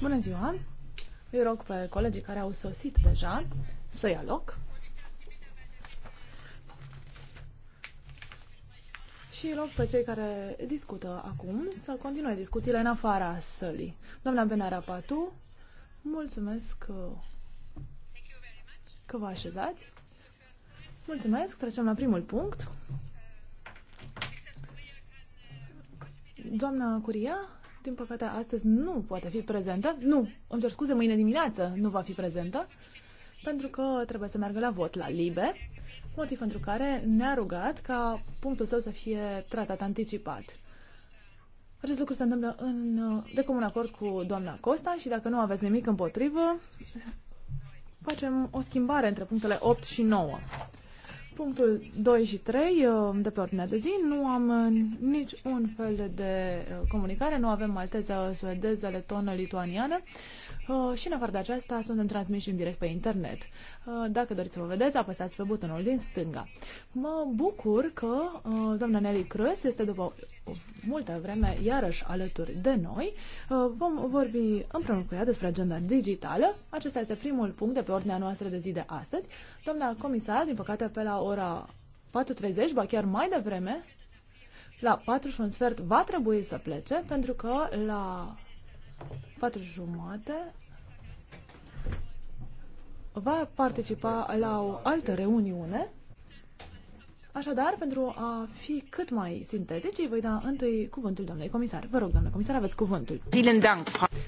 Bună ziua. Îi rog pe colegii care au sosit deja să ia loc. Și îi rog pe cei care discută acum să continue discuțiile în afara sălii. Doamna Benara Patu, mulțumesc că, uh, că vă așezați. Mulțumesc. Trecem la primul punct. Doamna Curia, din păcate astăzi nu poate fi prezentă. Nu, îmi cer scuze, mâine dimineață nu va fi prezentă, pentru că trebuie să meargă la vot la Libe, motiv pentru care ne-a rugat ca punctul său să fie tratat anticipat. Acest lucru se întâmplă în, de comun acord cu doamna Costa și dacă nu aveți nimic împotrivă, facem o schimbare între punctele 8 și 9. Punctul 2 și 3 uh, de pe ordinea de zi. Nu am uh, nici un fel de uh, comunicare. Nu avem malteză, suedeză, letonă, lituaniană. Uh, și în afară de aceasta suntem transmiși în direct pe internet. Uh, dacă doriți să vă vedeți, apăsați pe butonul din stânga. Mă bucur că uh, doamna Nelly Crăs este după multă vreme iarăși alături de noi. Vom vorbi împreună cu ea despre agenda digitală. Acesta este primul punct de pe ordinea noastră de zi de astăzi. Doamna comisar, din păcate, pe la ora 4.30, ba chiar mai devreme, la 4 și un sfert va trebui să plece, pentru că la patru jumate va participa la o altă reuniune. Așadar, pentru a fi cât mai sintetici, îi voi da întâi cuvântul doamnei comisar. Vă rog, doamnă comisar, aveți cuvântul.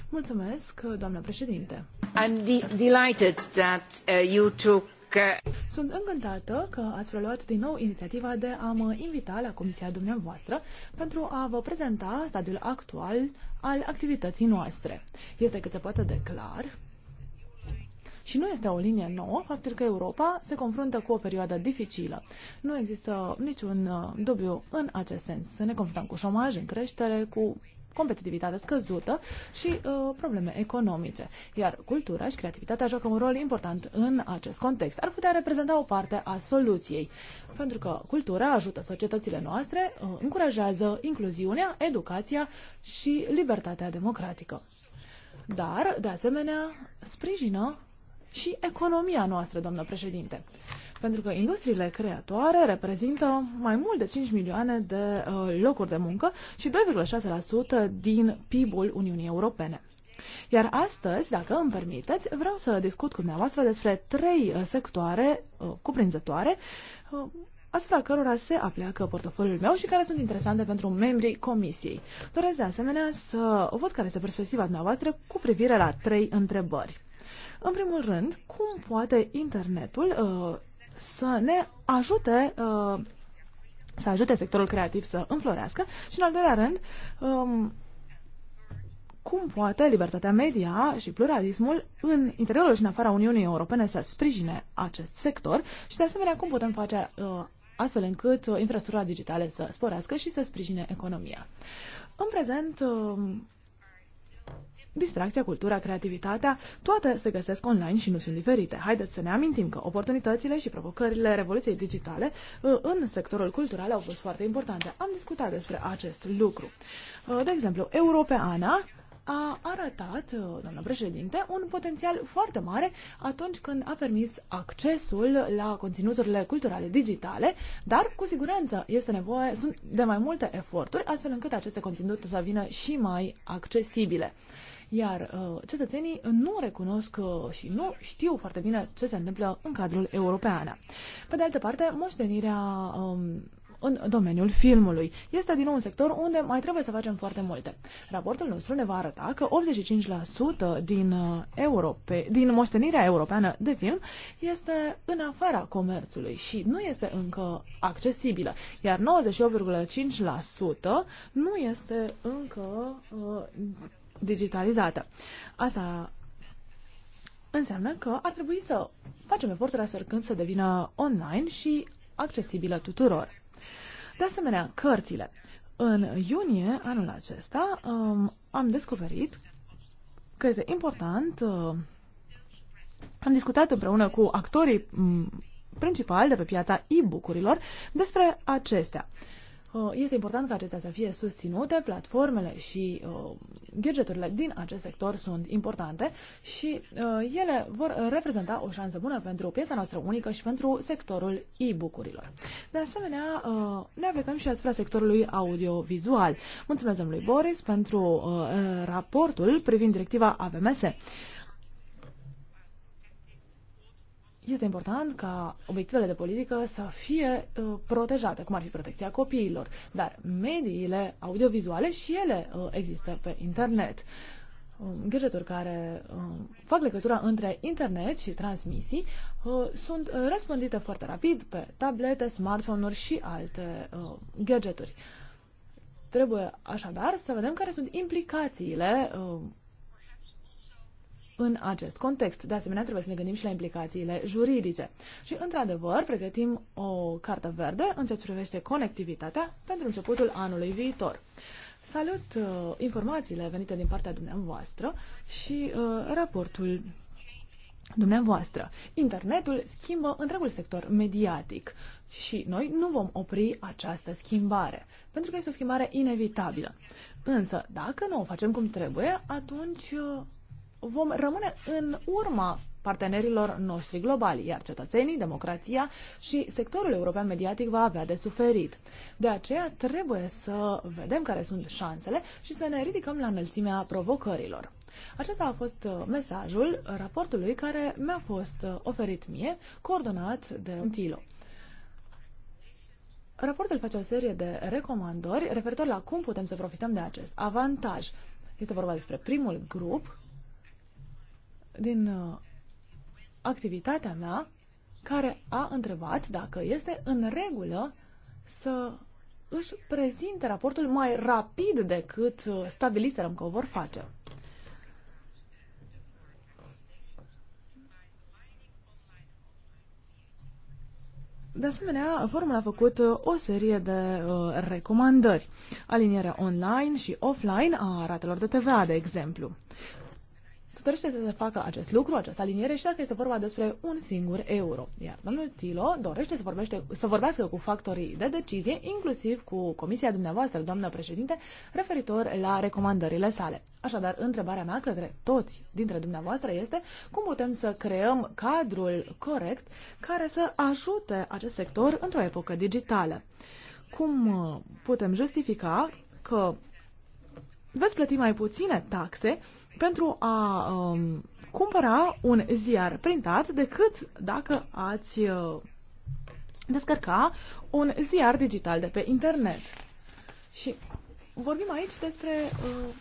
Mulțumesc, doamnă președinte. I'm de- delighted that uh, you took că... Sunt încântată că ați preluat din nou inițiativa de a mă invita la comisia dumneavoastră pentru a vă prezenta stadiul actual al activității noastre. Este cât se poate de clar și nu este o linie nouă faptul că Europa se confruntă cu o perioadă dificilă. Nu există niciun uh, dubiu în acest sens. Ne confruntăm cu șomaj, în creștere, cu competitivitate scăzută și uh, probleme economice. Iar cultura și creativitatea joacă un rol important în acest context. Ar putea reprezenta o parte a soluției, pentru că cultura ajută societățile noastre, uh, încurajează incluziunea, educația și libertatea democratică. Dar, de asemenea, sprijină și economia noastră, doamnă președinte. Pentru că industriile creatoare reprezintă mai mult de 5 milioane de uh, locuri de muncă și 2,6% din PIB-ul Uniunii Europene. Iar astăzi, dacă îmi permiteți, vreau să discut cu dumneavoastră despre trei uh, sectoare uh, cuprinzătoare uh, asupra cărora se apleacă portofoliul meu și care sunt interesante pentru membrii comisiei. Doresc de asemenea să văd care este perspectiva dumneavoastră cu privire la trei întrebări. În primul rând, cum poate internetul uh, să ne ajute uh, să ajute sectorul creativ să înflorească și, în al doilea rând, um, cum poate libertatea media și pluralismul în interiorul și în afara Uniunii Europene să sprijine acest sector și, de asemenea, cum putem face uh, astfel încât uh, infrastructura digitală să sporească și să sprijine economia. În prezent, um, distracția, cultura, creativitatea, toate se găsesc online și nu sunt diferite. Haideți să ne amintim că oportunitățile și provocările revoluției digitale uh, în sectorul cultural au fost foarte importante. Am discutat despre acest lucru. Uh, de exemplu, Europeana a arătat, uh, doamna președinte, un potențial foarte mare atunci când a permis accesul la conținuturile culturale digitale, dar cu siguranță este nevoie sunt de mai multe eforturi, astfel încât aceste conținuturi să vină și mai accesibile iar uh, cetățenii nu recunosc uh, și nu știu foarte bine ce se întâmplă în cadrul european. Pe de altă parte, moștenirea um, în domeniul filmului. Este din nou un sector unde mai trebuie să facem foarte multe. Raportul nostru ne va arăta că 85% din, uh, Europe, din moștenirea europeană de film este în afara comerțului și nu este încă accesibilă, iar 98,5% nu este încă uh, digitalizată. Asta înseamnă că ar trebui să facem eforturi astfel când să devină online și accesibilă tuturor. De asemenea, cărțile. În iunie anul acesta um, am descoperit că este important. Uh, am discutat împreună cu actorii um, principali de pe piața e-book-urilor despre acestea. Uh, este important ca acestea să fie susținute, platformele și uh, gadgeturile din acest sector sunt importante și uh, ele vor reprezenta o șansă bună pentru piața noastră unică și pentru sectorul e-book-urilor. De asemenea, uh, ne aplicăm și asupra sectorului audio-vizual. Mulțumesc lui Boris pentru uh, raportul privind directiva AVMS. este important ca obiectivele de politică să fie uh, protejate, cum ar fi protecția copiilor, dar mediile audiovizuale și ele uh, există pe internet. Uh, Gheșeturi care um, fac legătura între internet și transmisii uh, sunt răspândite foarte rapid pe tablete, smartphone-uri și alte uh, gadgeturi. Trebuie așadar să vedem care sunt implicațiile uh, în acest context. De asemenea, trebuie să ne gândim și la implicațiile juridice. Și, într-adevăr, pregătim o cartă verde în ce privește conectivitatea pentru începutul anului viitor. Salut uh, informațiile venite din partea dumneavoastră și uh, raportul dumneavoastră. Internetul schimbă întregul sector mediatic și noi nu vom opri această schimbare, pentru că este o schimbare inevitabilă. Însă, dacă nu o facem cum trebuie, atunci uh, vom rămâne în urma partenerilor noștri globali, iar cetățenii, democrația și sectorul european mediatic va avea de suferit. De aceea trebuie să vedem care sunt șansele și să ne ridicăm la înălțimea provocărilor. Acesta a fost uh, mesajul raportului care mi-a fost uh, oferit mie, coordonat de Tilo. Raportul face o serie de recomandări referitor la cum putem să profităm de acest avantaj. Este vorba despre primul grup din uh, activitatea mea care a întrebat dacă este în regulă să își prezinte raportul mai rapid decât uh, stabiliserăm că o vor face. De asemenea, forumul a făcut uh, o serie de uh, recomandări. Alinierea online și offline a ratelor de TVA, de exemplu se dorește să se facă acest lucru, această aliniere și dacă este vorba despre un singur euro. Iar domnul Tilo dorește să, vorbește, să vorbească cu factorii de decizie, inclusiv cu comisia dumneavoastră, doamnă președinte, referitor la recomandările sale. Așadar, întrebarea mea către toți dintre dumneavoastră este cum putem să creăm cadrul corect care să ajute acest sector într-o epocă digitală. Cum uh, putem justifica că veți plăti mai puține taxe pentru a um, cumpăra un ziar printat decât dacă ați uh, descărca un ziar digital de pe internet. Și vorbim aici despre uh,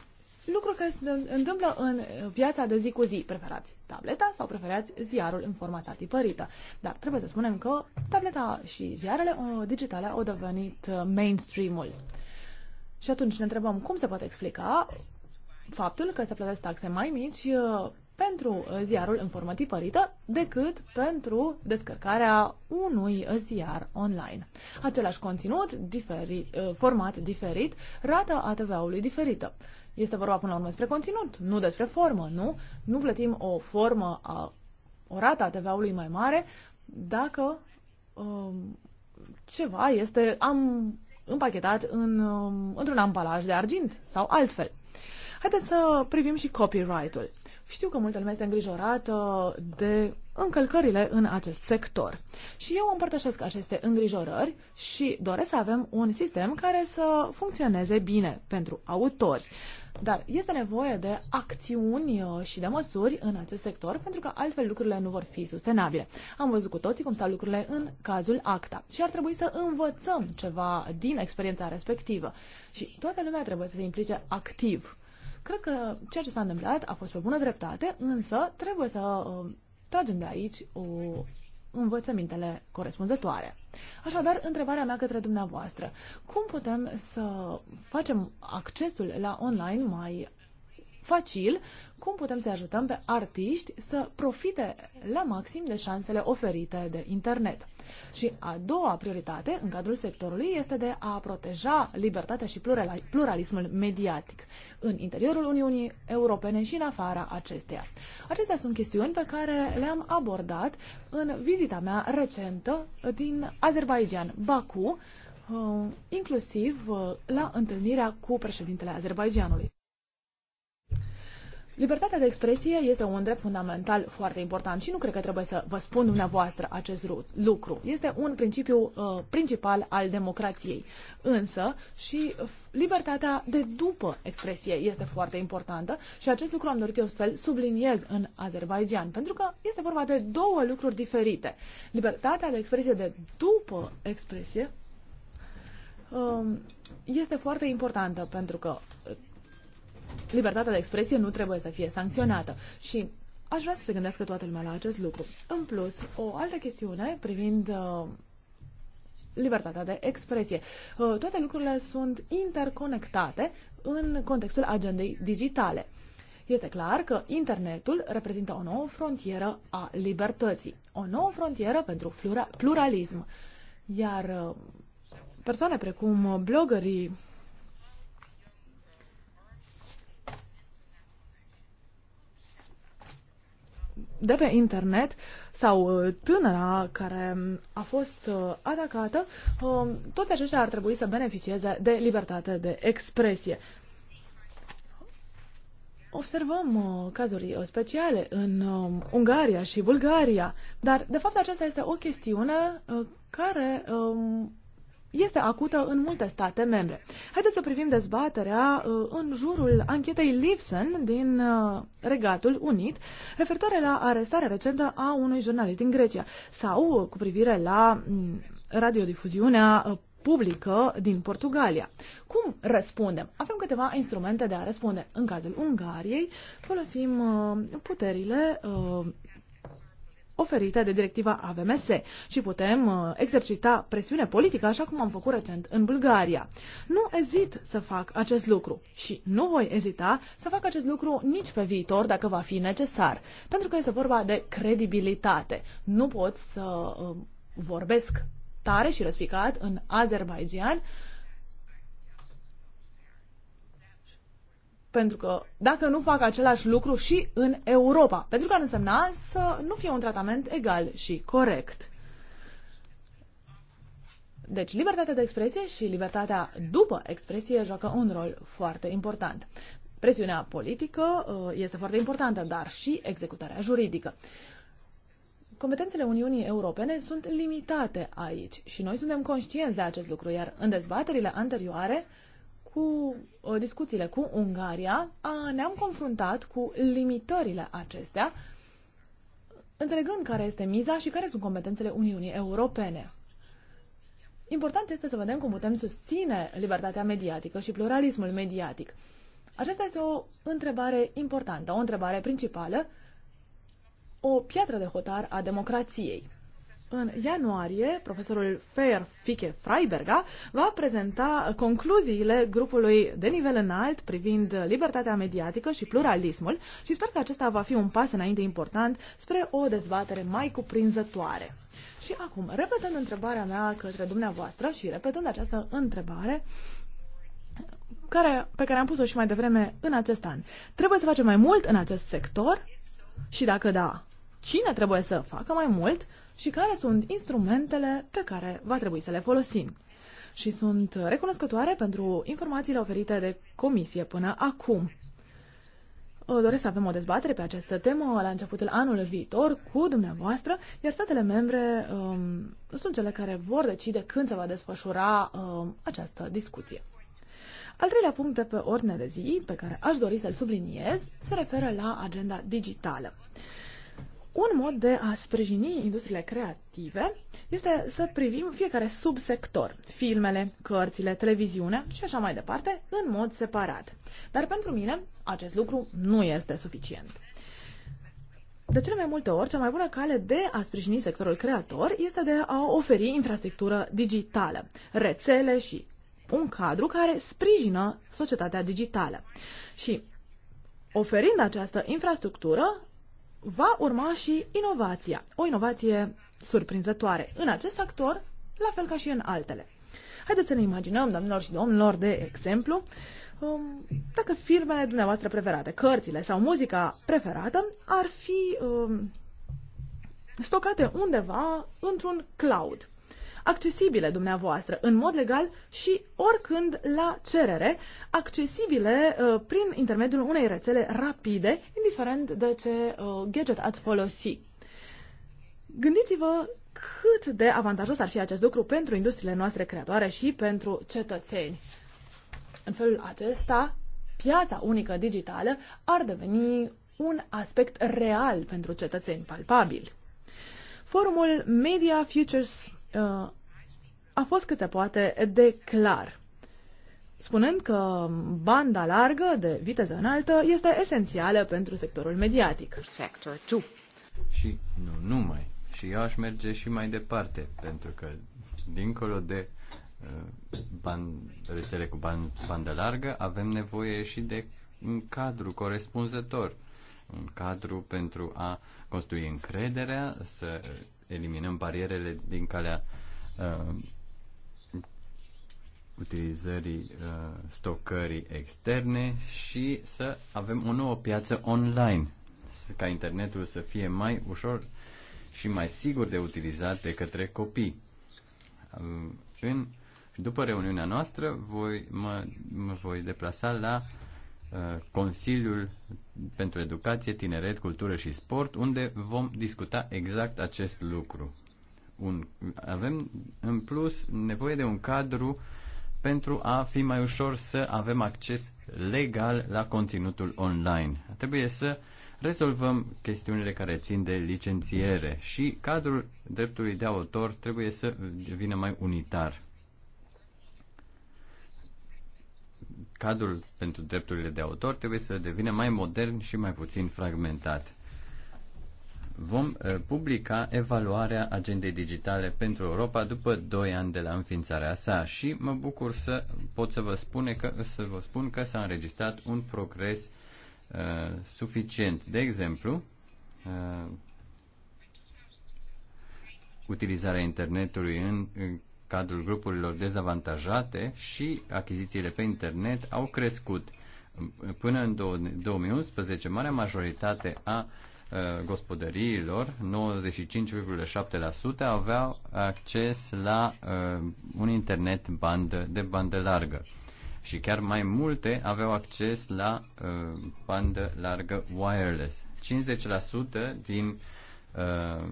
lucruri care se întâmplă în viața de zi cu zi. Preferați tableta sau preferați ziarul în formația tipărită. Dar trebuie să spunem că tableta și ziarele uh, digitale au devenit uh, mainstream-ul. Și atunci ne întrebăm cum se poate explica faptul că se plătesc taxe mai mici uh, pentru ziarul în formă tipărită decât pentru descărcarea unui ziar online. Același conținut, diferi, uh, format diferit, rata ATV-ului diferită. Este vorba până la urmă despre conținut, nu despre formă, nu? Nu plătim o formă, a, o rata a TVA-ului mai mare dacă um, ceva este am împachetat în, um, într-un ambalaj de argint sau altfel. Haideți să privim și copyright-ul. Știu că multă lume este îngrijorată de încălcările în acest sector. Și eu împărtășesc aceste îngrijorări și doresc să avem un sistem care să funcționeze bine pentru autori. Dar este nevoie de acțiuni uh, și de măsuri în acest sector, pentru că altfel lucrurile nu vor fi sustenabile. Am văzut cu toții cum stau lucrurile în cazul ACTA și ar trebui să învățăm ceva din experiența respectivă. Și toată lumea trebuie să se implice activ Cred că ceea ce s-a întâmplat a fost pe bună dreptate, însă trebuie să uh, tragem de aici o învățămintele corespunzătoare. Așadar, întrebarea mea către dumneavoastră, cum putem să facem accesul la online mai facil cum putem să ajutăm pe artiști să profite la maxim de șansele oferite de internet. Și a doua prioritate în cadrul sectorului este de a proteja libertatea și pluralismul mediatic în interiorul Uniunii Europene și în afara acesteia. Acestea sunt chestiuni pe care le-am abordat în vizita mea recentă din Azerbaijan, Baku, uh, inclusiv uh, la întâlnirea cu președintele Azerbaijanului. Libertatea de expresie este un drept fundamental foarte important și nu cred că trebuie să vă spun dumneavoastră acest lucru. Este un principiu uh, principal al democrației. Însă și libertatea de după expresie este foarte importantă și acest lucru am dorit eu să-l subliniez în Azerbaijan, pentru că este vorba de două lucruri diferite. Libertatea de expresie de după expresie um, este foarte importantă pentru că libertatea de expresie nu trebuie să fie sancționată. Și aș vrea să se gândească toată lumea la acest lucru. În plus, o altă chestiune privind uh, libertatea de expresie. Uh, toate lucrurile sunt interconectate în contextul agendei digitale. Este clar că internetul reprezintă o nouă frontieră a libertății, o nouă frontieră pentru pluralism. Iar uh, persoane precum blogării, de pe internet sau uh, tânăra care mm, a fost uh, atacată, uh, toți aceștia ar trebui să beneficieze de libertate de expresie. Observăm cazuri speciale în Ungaria și Bulgaria, dar de fapt aceasta este o chestiune care um, este acută în multe state membre. Haideți să privim dezbaterea uh, în jurul anchetei Lipson din uh, Regatul Unit, referitoare la arestarea recentă a unui jurnalist din Grecia sau uh, cu privire la mm, radiodifuziunea publică din Portugalia. Cum răspundem? Avem câteva instrumente de a răspunde. În cazul Ungariei folosim uh, puterile uh, oferite de directiva AVMS și putem uh, exercita presiune politică, așa cum am făcut recent în Bulgaria. Nu ezit să fac acest lucru și nu voi ezita să fac acest lucru nici pe viitor dacă va fi necesar, pentru că este vorba de credibilitate. Nu pot să uh, vorbesc tare și răspicat în Azerbaijan uh, pentru că dacă nu fac același lucru și în Europa, pentru că ar însemna să nu fie un tratament egal și corect. Deci, libertatea de expresie și libertatea după expresie joacă un rol foarte important. Presiunea politică uh, este foarte importantă, dar și executarea juridică. Competențele Uniunii Europene sunt limitate aici și noi suntem conștienți de acest lucru, iar în dezbaterile anterioare cu uh, discuțiile cu Ungaria ne-am confruntat cu limitările acestea, înțelegând care este miza și care sunt competențele Uniunii Europene. Important este să vedem cum putem susține libertatea mediatică și pluralismul mediatic. Aceasta este o întrebare importantă, o întrebare principală, o piatră de hotar a democrației. În ianuarie, profesorul Feyer Fike Freiberga va prezenta concluziile grupului de nivel înalt privind libertatea mediatică și pluralismul și sper că acesta va fi un pas înainte important spre o dezbatere mai cuprinzătoare. Și acum, repetând întrebarea mea către dumneavoastră și repetând această întrebare, care, pe care am pus-o și mai devreme în acest an. Trebuie să facem mai mult în acest sector? Și dacă da, cine trebuie să facă mai mult și care sunt instrumentele pe care va trebui să le folosim. Și sunt recunoscătoare pentru informațiile oferite de comisie până acum. Doresc să avem o dezbatere pe această temă la începutul anului viitor cu dumneavoastră, iar statele membre um, sunt cele care vor decide când se va desfășura um, această discuție. Al treilea punct de pe ordine de zi, pe care aș dori să-l subliniez, se referă la agenda digitală. Un mod de a sprijini industriile creative este să privim fiecare subsector, filmele, cărțile, televiziunea și așa mai departe, în mod separat. Dar pentru mine acest lucru nu este suficient. De cele mai multe ori, cea mai bună cale de a sprijini sectorul creator este de a oferi infrastructură digitală, rețele și un cadru care sprijină societatea digitală. Și oferind această infrastructură, va urma și inovația, o inovație surprinzătoare în acest actor, la fel ca și în altele. Haideți să ne imaginăm, domnilor și domnilor, de exemplu, um, dacă filmele dumneavoastră preferate, cărțile sau muzica preferată ar fi um, stocate undeva într-un cloud accesibile dumneavoastră în mod legal și oricând la cerere, accesibile uh, prin intermediul unei rețele rapide, indiferent de ce uh, gadget ați folosi. Gândiți-vă cât de avantajos ar fi acest lucru pentru industriile noastre creatoare și pentru cetățeni. În felul acesta, piața unică digitală ar deveni un aspect real pentru cetățeni palpabil. Forumul Media Futures Uh, a fost câte se poate de clar, spunând că banda largă de viteză înaltă este esențială pentru sectorul mediatic. Sector 2. Și nu numai. Și eu aș merge și mai departe, pentru că dincolo de uh, rețele cu bandă largă, avem nevoie și de un cadru corespunzător, un cadru pentru a construi încrederea, să eliminăm barierele din calea uh, utilizării uh, stocării externe și să avem o nouă piață online, ca internetul să fie mai ușor și mai sigur de utilizat de către copii. Uh, în, după reuniunea noastră, voi, mă, mă voi deplasa la Uh, Consiliul pentru Educație, Tineret, Cultură și Sport, unde vom discuta exact acest lucru. Un, avem, în plus, nevoie de un cadru pentru a fi mai ușor să avem acces legal la conținutul online. Trebuie să rezolvăm chestiunile care țin de licențiere și cadrul dreptului de autor trebuie să devină mai unitar. cadrul pentru drepturile de autor trebuie să devină mai modern și mai puțin fragmentat. Vom uh, publica evaluarea agendei digitale pentru Europa după 2 ani de la înființarea sa și mă bucur să pot să vă, spune că, să vă spun că s-a înregistrat un progres uh, suficient. De exemplu, uh, utilizarea internetului în, în cadrul grupurilor dezavantajate și achizițiile pe internet au crescut. Până în 2011, marea majoritate a uh, gospodăriilor, 95,7% aveau acces la uh, un internet bandă, de bandă largă și chiar mai multe aveau acces la uh, bandă largă wireless. 50% din uh,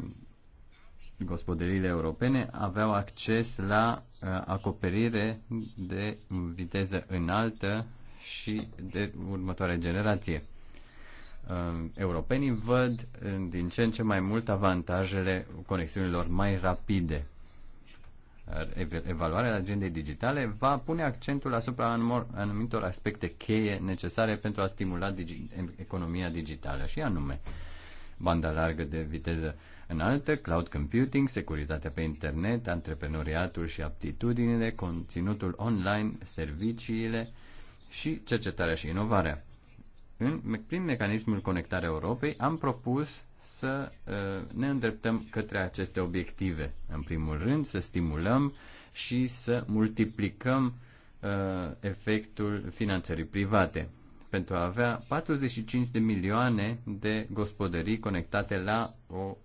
gospodăriile europene aveau acces la uh, acoperire de viteză înaltă și de următoarea generație. Uh, europenii văd uh, din ce în ce mai mult avantajele conexiunilor mai rapide. Evaluarea agendei digitale va pune accentul asupra anumitor aspecte cheie necesare pentru a stimula digi- economia digitală și anume banda largă de viteză uh, în alte, cloud computing, securitatea pe internet, antreprenoriatul și aptitudinile, conținutul online, serviciile și cercetarea și inovarea. În, prin mecanismul Conectarea Europei am propus să ă, ne îndreptăm către aceste obiective. În primul rând, să stimulăm și să multiplicăm ă, efectul finanțării private pentru a avea 45 de milioane de gospodării conectate la o uh,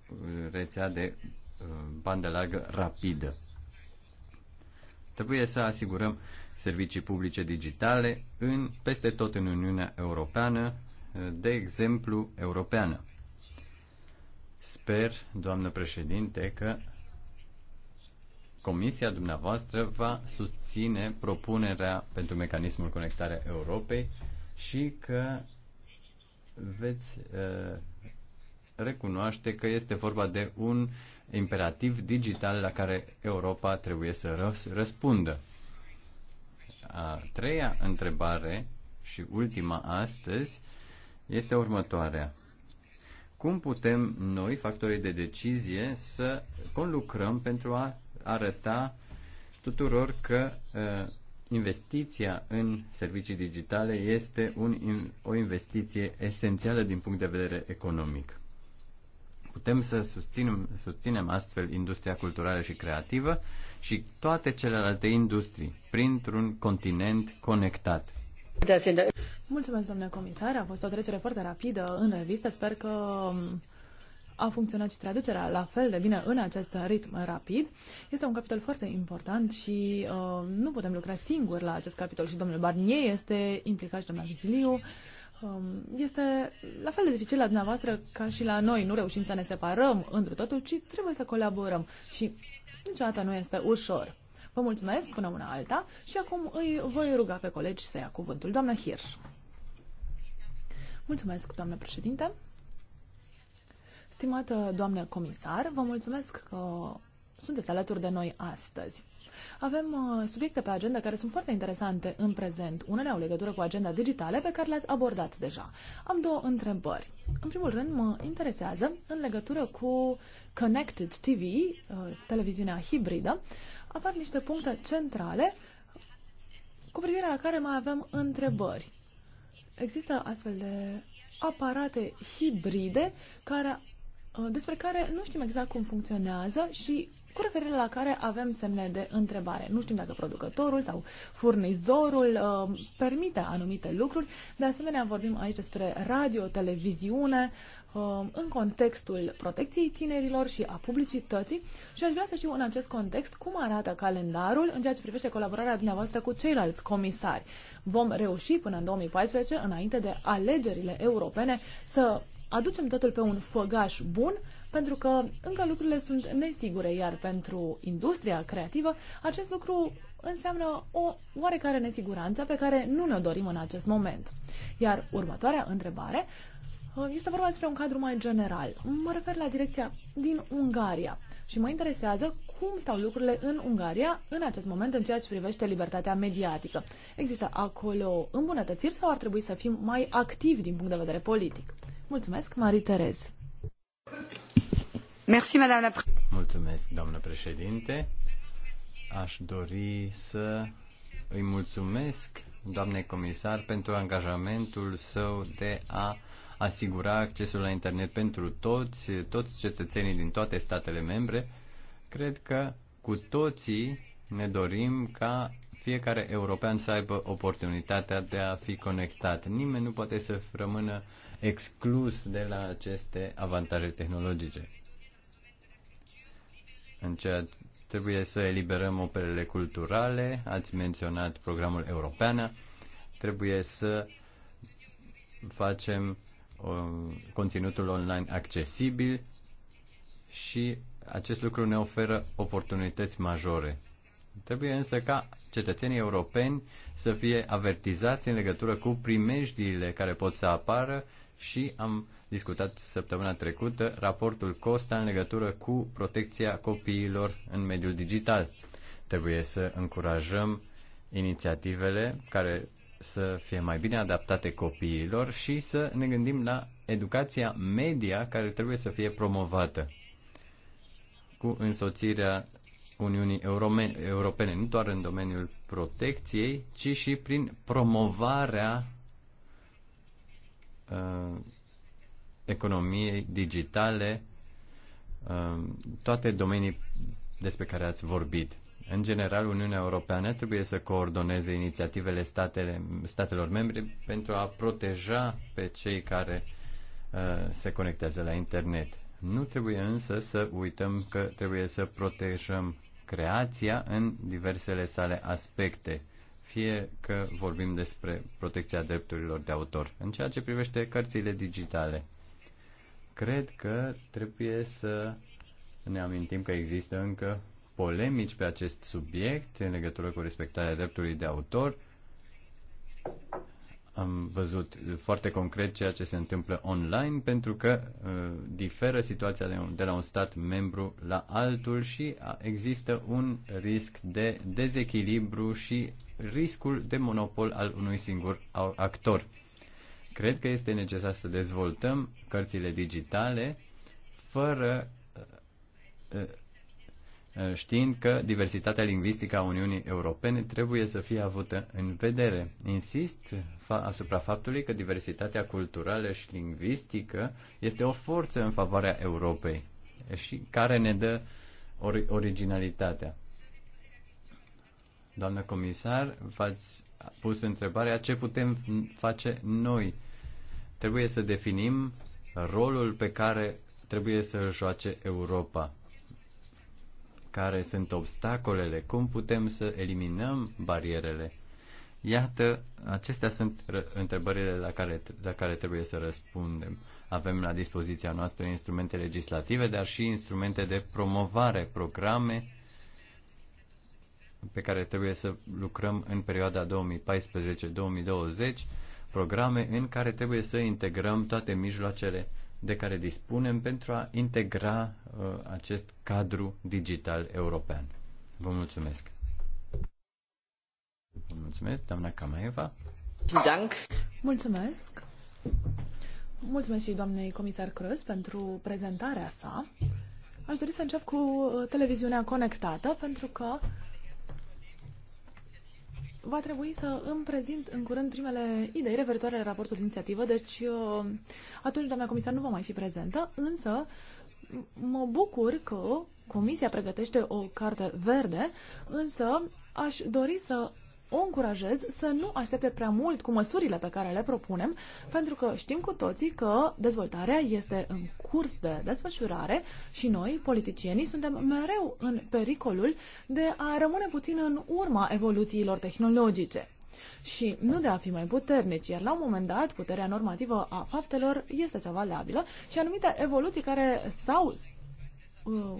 rețea de uh, bandă largă rapidă. Trebuie să asigurăm servicii publice digitale în, peste tot în Uniunea Europeană, uh, de exemplu europeană. Sper, doamnă președinte, că Comisia dumneavoastră va susține propunerea pentru mecanismul conectare Europei și că veți uh, recunoaște că este vorba de un imperativ digital la care Europa trebuie să răspundă. A treia întrebare și ultima astăzi este următoarea. Cum putem noi, factorii de decizie, să conlucrăm pentru a arăta tuturor că uh, investiția în servicii digitale este un, o investiție esențială din punct de vedere economic. Putem să susținem, susținem astfel industria culturală și creativă și toate celelalte industrii printr-un continent conectat. Mulțumesc, domnule comisar. A fost o trecere foarte rapidă în revistă. Sper că a funcționat și traducerea la fel de bine în acest ritm rapid. Este un capitol foarte important și uh, nu putem lucra singuri la acest capitol și domnul Barnier este implicat și domnul Vasiliu. Um, este la fel de dificil la dumneavoastră ca și la noi. Nu reușim să ne separăm întru totul, ci trebuie să colaborăm. Și niciodată nu este ușor. Vă mulțumesc până una alta și acum îi voi ruga pe colegi să ia cuvântul. Doamna Hirsch. Mulțumesc, doamnă președinte. Stimată doamnă comisar, vă mulțumesc că sunteți alături de noi astăzi. Avem uh, subiecte pe agenda care sunt foarte interesante în prezent. Unele au legătură cu agenda digitală pe care le-ați abordat deja. Am două întrebări. În primul rând, mă interesează în legătură cu Connected TV, uh, televiziunea hibridă, apar niște puncte centrale cu privire la care mai avem întrebări. Există astfel de aparate hibride care Uh, despre care nu știm exact cum funcționează și cu referire la care avem semne de întrebare. Nu știm dacă producătorul sau furnizorul uh, permite anumite lucruri. De asemenea, vorbim aici despre radio, televiziune, uh, în contextul protecției tinerilor și a publicității și aș vrea să știu în acest context cum arată calendarul în ceea ce privește colaborarea dumneavoastră cu ceilalți comisari. Vom reuși până în 2014, înainte de alegerile europene, să aducem totul pe un făgaș bun, pentru că încă lucrurile sunt nesigure, iar pentru industria creativă acest lucru înseamnă o oarecare nesiguranță pe care nu ne-o dorim în acest moment. Iar următoarea întrebare uh, este vorba despre un cadru mai general. Mă refer la direcția din Ungaria și mă interesează cum stau lucrurile în Ungaria în acest moment în ceea ce privește libertatea mediatică. Există acolo îmbunătățiri sau ar trebui să fim mai activi din punct de vedere politic? Mulțumesc, Marie Terez. Merci, Mulțumesc, doamnă președinte. Aș dori să îi mulțumesc, doamne comisar, pentru angajamentul său de a asigura accesul la internet pentru toți, toți cetățenii din toate statele membre. Cred că cu toții ne dorim ca fiecare european să aibă oportunitatea de a fi conectat. Nimeni nu poate să rămână exclus de la aceste avantaje tehnologice. În ceea trebuie să eliberăm operele culturale, ați menționat programul european, trebuie să facem uh, conținutul online accesibil și acest lucru ne oferă oportunități majore. Trebuie însă ca cetățenii europeni să fie avertizați în legătură cu primejdiile care pot să apară și am discutat săptămâna trecută raportul Costa în legătură cu protecția copiilor în mediul digital. Trebuie să încurajăm inițiativele care să fie mai bine adaptate copiilor și să ne gândim la educația media care trebuie să fie promovată cu însoțirea Uniunii Europene, nu doar în domeniul protecției, ci și prin promovarea uh, economiei digitale, uh, toate domenii despre care ați vorbit. În general, Uniunea Europeană trebuie să coordoneze inițiativele statele, statelor membre pentru a proteja pe cei care uh, se conectează la internet. Nu trebuie însă să uităm că trebuie să protejăm creația în diversele sale aspecte fie că vorbim despre protecția drepturilor de autor. În ceea ce privește cărțile digitale, cred că trebuie să ne amintim că există încă polemici pe acest subiect în legătură cu respectarea dreptului de autor am văzut foarte concret ceea ce se întâmplă online pentru că uh, diferă situația de, de la un stat membru la altul și există un risc de dezechilibru și riscul de monopol al unui singur actor. Cred că este necesar să dezvoltăm cărțile digitale fără uh, uh, Uh, știind că diversitatea lingvistică a Uniunii Europene trebuie să fie avută în vedere. Insist fa asupra faptului că diversitatea culturală și lingvistică este o forță în favoarea Europei și care ne dă originalitatea. Doamnă comisar, v-ați pus întrebarea ce putem face noi. Trebuie să definim rolul pe care trebuie să-l joace Europa care sunt obstacolele, cum putem să eliminăm barierele. Iată, acestea sunt întrebările la care, la care trebuie să răspundem. Avem la dispoziția noastră instrumente legislative, dar și instrumente de promovare, programe pe care trebuie să lucrăm în perioada 2014-2020, programe în care trebuie să integrăm toate mijloacele de care dispunem pentru a integra uh, acest cadru digital european. Vă mulțumesc! Vă mulțumesc, doamna Kamaeva! Dank. Mulțumesc! Mulțumesc și doamnei comisar Crăz pentru prezentarea sa. Aș dori să încep cu uh, televiziunea conectată, pentru că va trebui să îmi prezint în curând primele idei referitoare la raportul de inițiativă, deci uh, atunci doamna comisar nu va mai fi prezentă, însă mă bucur că Comisia pregătește o carte verde, însă aș dori să o încurajez să nu aștepte prea mult cu măsurile pe care le propunem, pentru că știm cu toții că dezvoltarea este în curs de desfășurare și noi, politicienii, suntem mereu în pericolul de a rămâne puțin în urma evoluțiilor tehnologice și nu de a fi mai puternici, iar la un moment dat puterea normativă a faptelor este cea valabilă și anumite evoluții care s-au uh,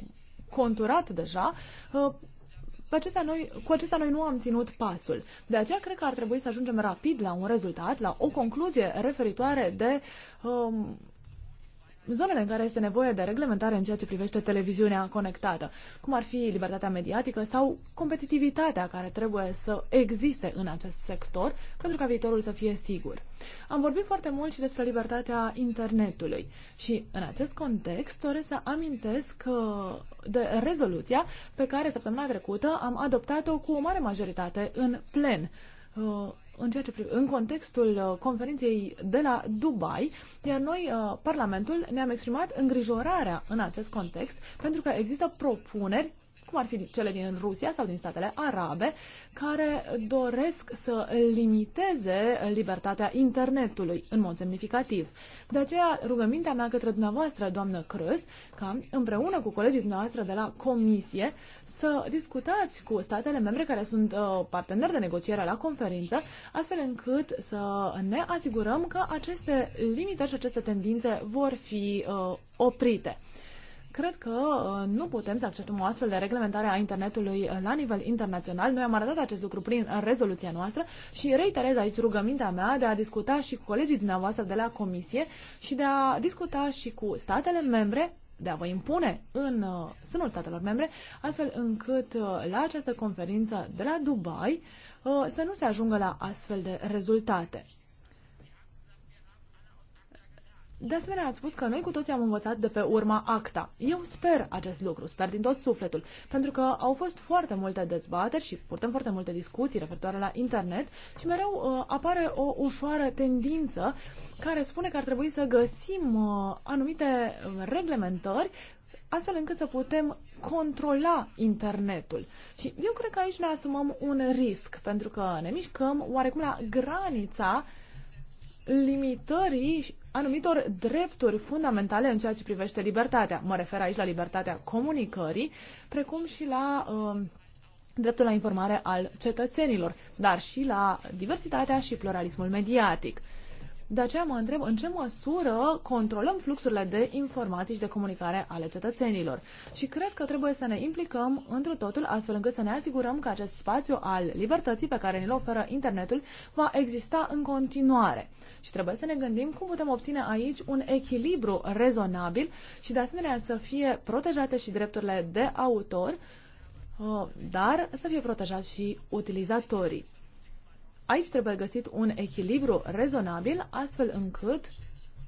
conturat deja uh, cu acestea, noi, cu acestea noi nu am ținut pasul. De aceea cred că ar trebui să ajungem rapid la un rezultat, la o concluzie referitoare de um, zonele în care este nevoie de reglementare în ceea ce privește televiziunea conectată, cum ar fi libertatea mediatică sau competitivitatea care trebuie să existe în acest sector pentru ca viitorul să fie sigur. Am vorbit foarte mult și despre libertatea internetului și în acest context doresc să amintesc uh, de rezoluția pe care săptămâna trecută am adoptat-o cu o mare majoritate în plen uh, în, ceea ce, în contextul uh, conferinței de la Dubai, iar noi, uh, Parlamentul, ne-am exprimat îngrijorarea în acest context pentru că există propuneri cum ar fi cele din Rusia sau din statele arabe, care doresc să limiteze libertatea internetului în mod semnificativ. De aceea, rugămintea mea către dumneavoastră, doamnă Crâs, ca împreună cu colegii dumneavoastră de la Comisie să discutați cu statele membre care sunt uh, parteneri de negociere la conferință, astfel încât să ne asigurăm că aceste limite și aceste tendințe vor fi uh, oprite. Cred că uh, nu putem să acceptăm o astfel de reglementare a internetului uh, la nivel internațional. Noi am arătat acest lucru prin uh, rezoluția noastră și reiterez aici rugămintea mea de a discuta și cu colegii dumneavoastră de la Comisie și de a discuta și cu statele membre de a vă impune în sânul statelor membre, astfel încât la această conferință de la Dubai să nu se ajungă la astfel de rezultate. De asemenea, ați spus că noi cu toții am învățat de pe urma acta. Eu sper acest lucru, sper din tot sufletul, pentru că au fost foarte multe dezbateri și purtăm foarte multe discuții referitoare la internet și mereu uh, apare o ușoară tendință care spune că ar trebui să găsim uh, anumite uh, reglementări astfel încât să putem controla internetul. Și eu cred că aici ne asumăm un risc, pentru că ne mișcăm oarecum la granița limitării anumitor drepturi fundamentale în ceea ce privește libertatea. Mă refer aici la libertatea comunicării, precum și la uh, dreptul la informare al cetățenilor, dar și la diversitatea și pluralismul mediatic. Uh, de aceea mă întreb în ce măsură controlăm fluxurile de informații și de comunicare ale cetățenilor. Și cred că trebuie să ne implicăm într totul astfel încât să ne asigurăm că acest spațiu al libertății pe care ne-l oferă internetul va exista în continuare. Și trebuie să ne gândim cum putem obține aici un echilibru rezonabil și de asemenea să fie protejate și drepturile de autor, uh, dar să fie protejați și utilizatorii. Aici trebuie găsit un echilibru rezonabil, astfel încât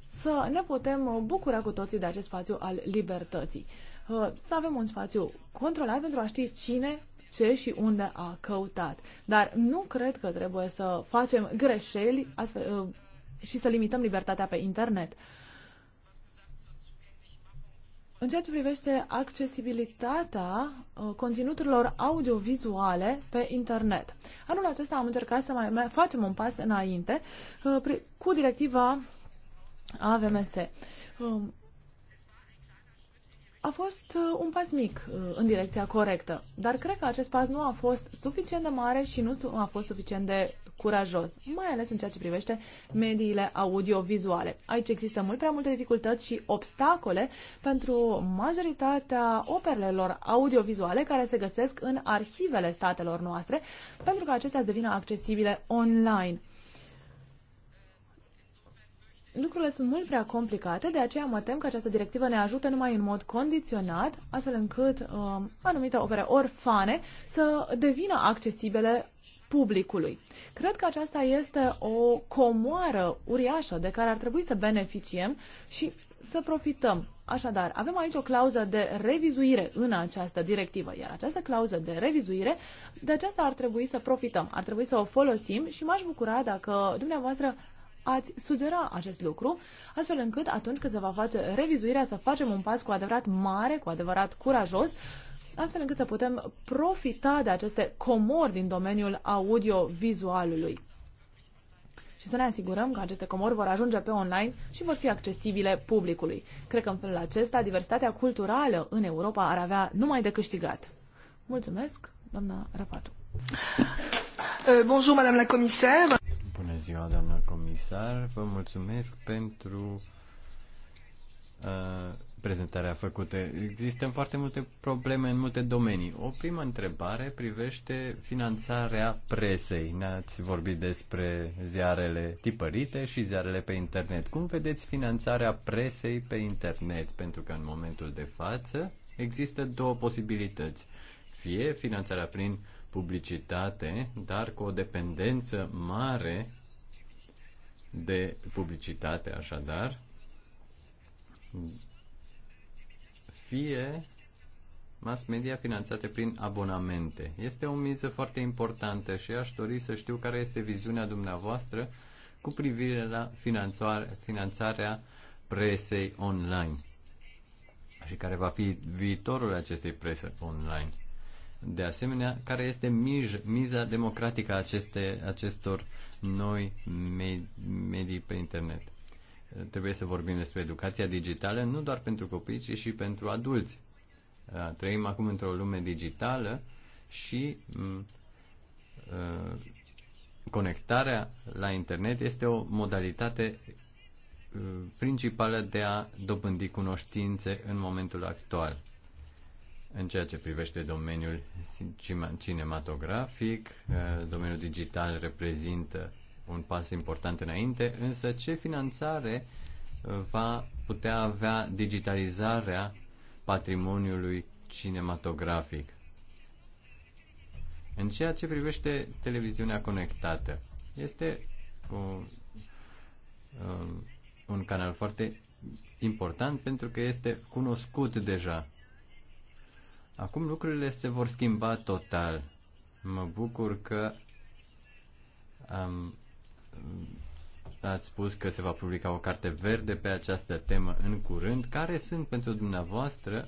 să ne putem bucura cu toții de acest spațiu al libertății. Uh, să avem un spațiu controlat pentru a ști cine, ce și unde a căutat. Dar nu cred că trebuie să facem greșeli astfel, uh, și să limităm libertatea pe internet. În ceea ce privește accesibilitatea uh, conținuturilor audiovizuale pe internet. Anul acesta am încercat să mai facem un pas înainte uh, cu directiva AVMS. Um, a fost uh, un pas mic în direcția corectă, dar cred că acest pas nu a fost suficient de mare și nu a fost suficient de curajos, mai ales în ceea ce privește mediile audio-vizuale. Aici există mult prea multe dificultăți și obstacole pentru majoritatea operelor audio-vizuale care se găsesc în arhivele statelor noastre, pentru că acestea devină accesibile online. Lucrurile sunt mult prea complicate, de aceea mă tem că această directivă ne ajută numai în mod condiționat, astfel încât um, anumite opere orfane să devină accesibile publicului. Cred că aceasta este o comoară uriașă de care ar trebui să beneficiem și să profităm. Așadar, avem aici o clauză de revizuire în această directivă, iar această clauză de revizuire, de aceasta ar trebui să profităm, ar trebui să o folosim și m-aș bucura dacă dumneavoastră ați sugera acest lucru, astfel încât atunci când se va face revizuirea să facem un pas cu adevărat mare, cu adevărat curajos, astfel încât să putem profita de aceste comori din domeniul audio-vizualului și să ne asigurăm că aceste comori vor ajunge pe online și vor fi accesibile publicului. Cred că în felul acesta diversitatea culturală în Europa ar avea numai de câștigat. Mulțumesc, doamna Rapatu. Eh, bonjour, madame la Bună ziua, doamna comisar. Vă mulțumesc pentru uh, prezentarea făcută. Există foarte multe probleme în multe domenii. O primă întrebare privește finanțarea presei. Ne-ați vorbit despre ziarele tipărite și ziarele pe internet. Cum vedeți finanțarea presei pe internet? Pentru că în momentul de față există două posibilități. Fie finanțarea prin publicitate, dar cu o dependență mare de publicitate, așadar, fie mass media finanțate prin abonamente. Este o miză foarte importantă și aș dori să știu care este viziunea dumneavoastră cu privire la finanțarea presei online și care va fi viitorul acestei prese online. De asemenea, care este mij, miza democratică a aceste, acestor noi medii pe internet trebuie să vorbim despre educația digitală nu doar pentru copii, ci și pentru adulți. Uh, trăim acum într-o lume digitală și mm, uh, conectarea la internet este o modalitate uh, principală de a dobândi cunoștințe în momentul actual. În ceea ce privește domeniul cinematografic, domeniul digital reprezintă un pas important înainte, însă ce finanțare uh, va putea avea digitalizarea patrimoniului cinematografic? În ceea ce privește televiziunea conectată, este o, um, un canal foarte important pentru că este cunoscut deja. Acum lucrurile se vor schimba total. Mă bucur că am ați spus că se va publica o carte verde pe această temă în curând. Care sunt pentru dumneavoastră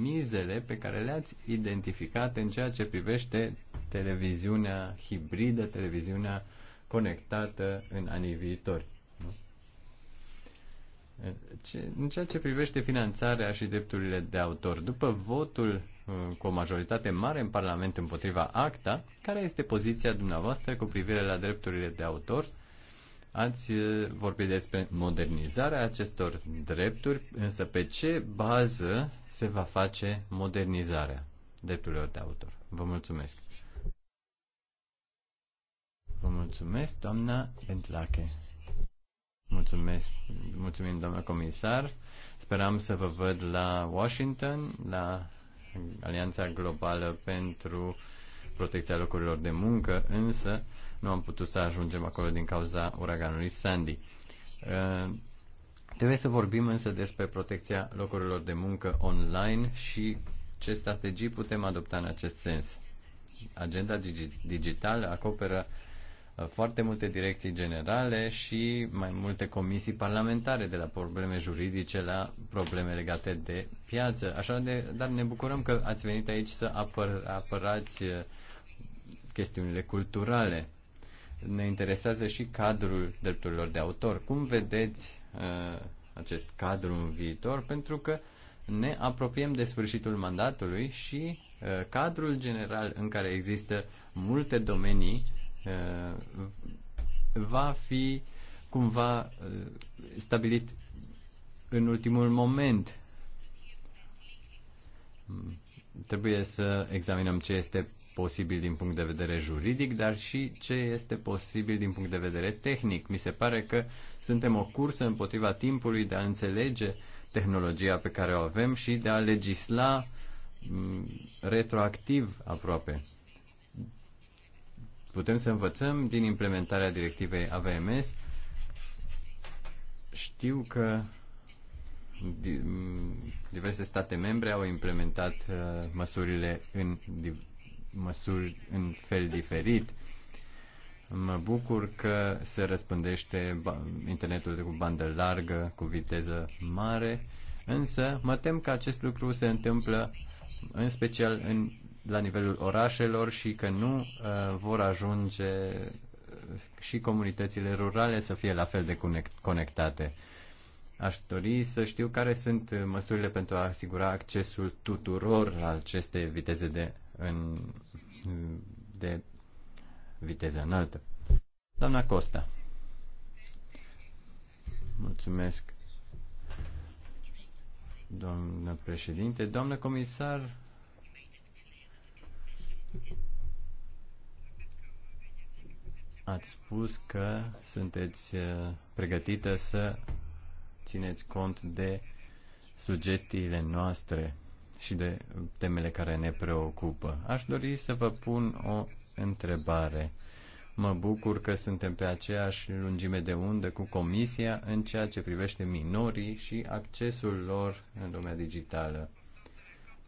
mizele pe care le-ați identificat în ceea ce privește televiziunea hibridă, televiziunea conectată în anii viitori? În ceea ce privește finanțarea și drepturile de autor, după votul Uh, cu o majoritate mare în Parlament împotriva ACTA, care este poziția dumneavoastră cu privire la drepturile de autor. Ați uh, vorbit despre modernizarea acestor drepturi, însă pe ce bază se va face modernizarea drepturilor de autor? Vă mulțumesc. Vă mulțumesc, doamna Bentlache. Mulțumesc, mulțumim, doamna comisar. Speram să vă văd la Washington, la Alianța Globală pentru Protecția Locurilor de Muncă, însă nu am putut să ajungem acolo din cauza uraganului Sandy. Uh, trebuie să vorbim însă despre protecția locurilor de muncă online și ce strategii putem adopta în acest sens. Agenda digitală acoperă foarte multe direcții generale și mai multe comisii parlamentare, de la probleme juridice la probleme legate de piață. Așa de, dar ne bucurăm că ați venit aici să apăr, apărați uh, chestiunile culturale. Ne interesează și cadrul drepturilor de autor. Cum vedeți uh, acest cadru în viitor? Pentru că ne apropiem de sfârșitul mandatului și uh, cadrul general în care există multe domenii Eh, va fi cumva eh, stabilit în ultimul moment. Trebuie să examinăm ce este posibil din punct de vedere juridic, dar și ce este posibil din punct de vedere tehnic. Mi se pare că suntem o cursă împotriva timpului de a înțelege tehnologia pe care o avem și de a legisla mm, retroactiv aproape putem să învățăm din implementarea directivei AVMS. Știu că diverse state membre au implementat uh, măsurile în măsuri în fel diferit. Mă bucur că se răspândește internetul cu bandă largă, cu viteză mare, însă mă tem că acest lucru se întâmplă în special în la nivelul orașelor și că nu uh, vor ajunge și comunitățile rurale să fie la fel de conectate. Aș dori să știu care sunt măsurile pentru a asigura accesul tuturor la aceste viteze de, în, de viteză înaltă. Doamna Costa. Mulțumesc, doamnă președinte. Doamnă comisar, Ați spus că sunteți uh, pregătită să țineți cont de sugestiile noastre și de temele care ne preocupă. Aș dori să vă pun o întrebare. Mă bucur că suntem pe aceeași lungime de undă cu Comisia în ceea ce privește minorii și accesul lor în lumea digitală.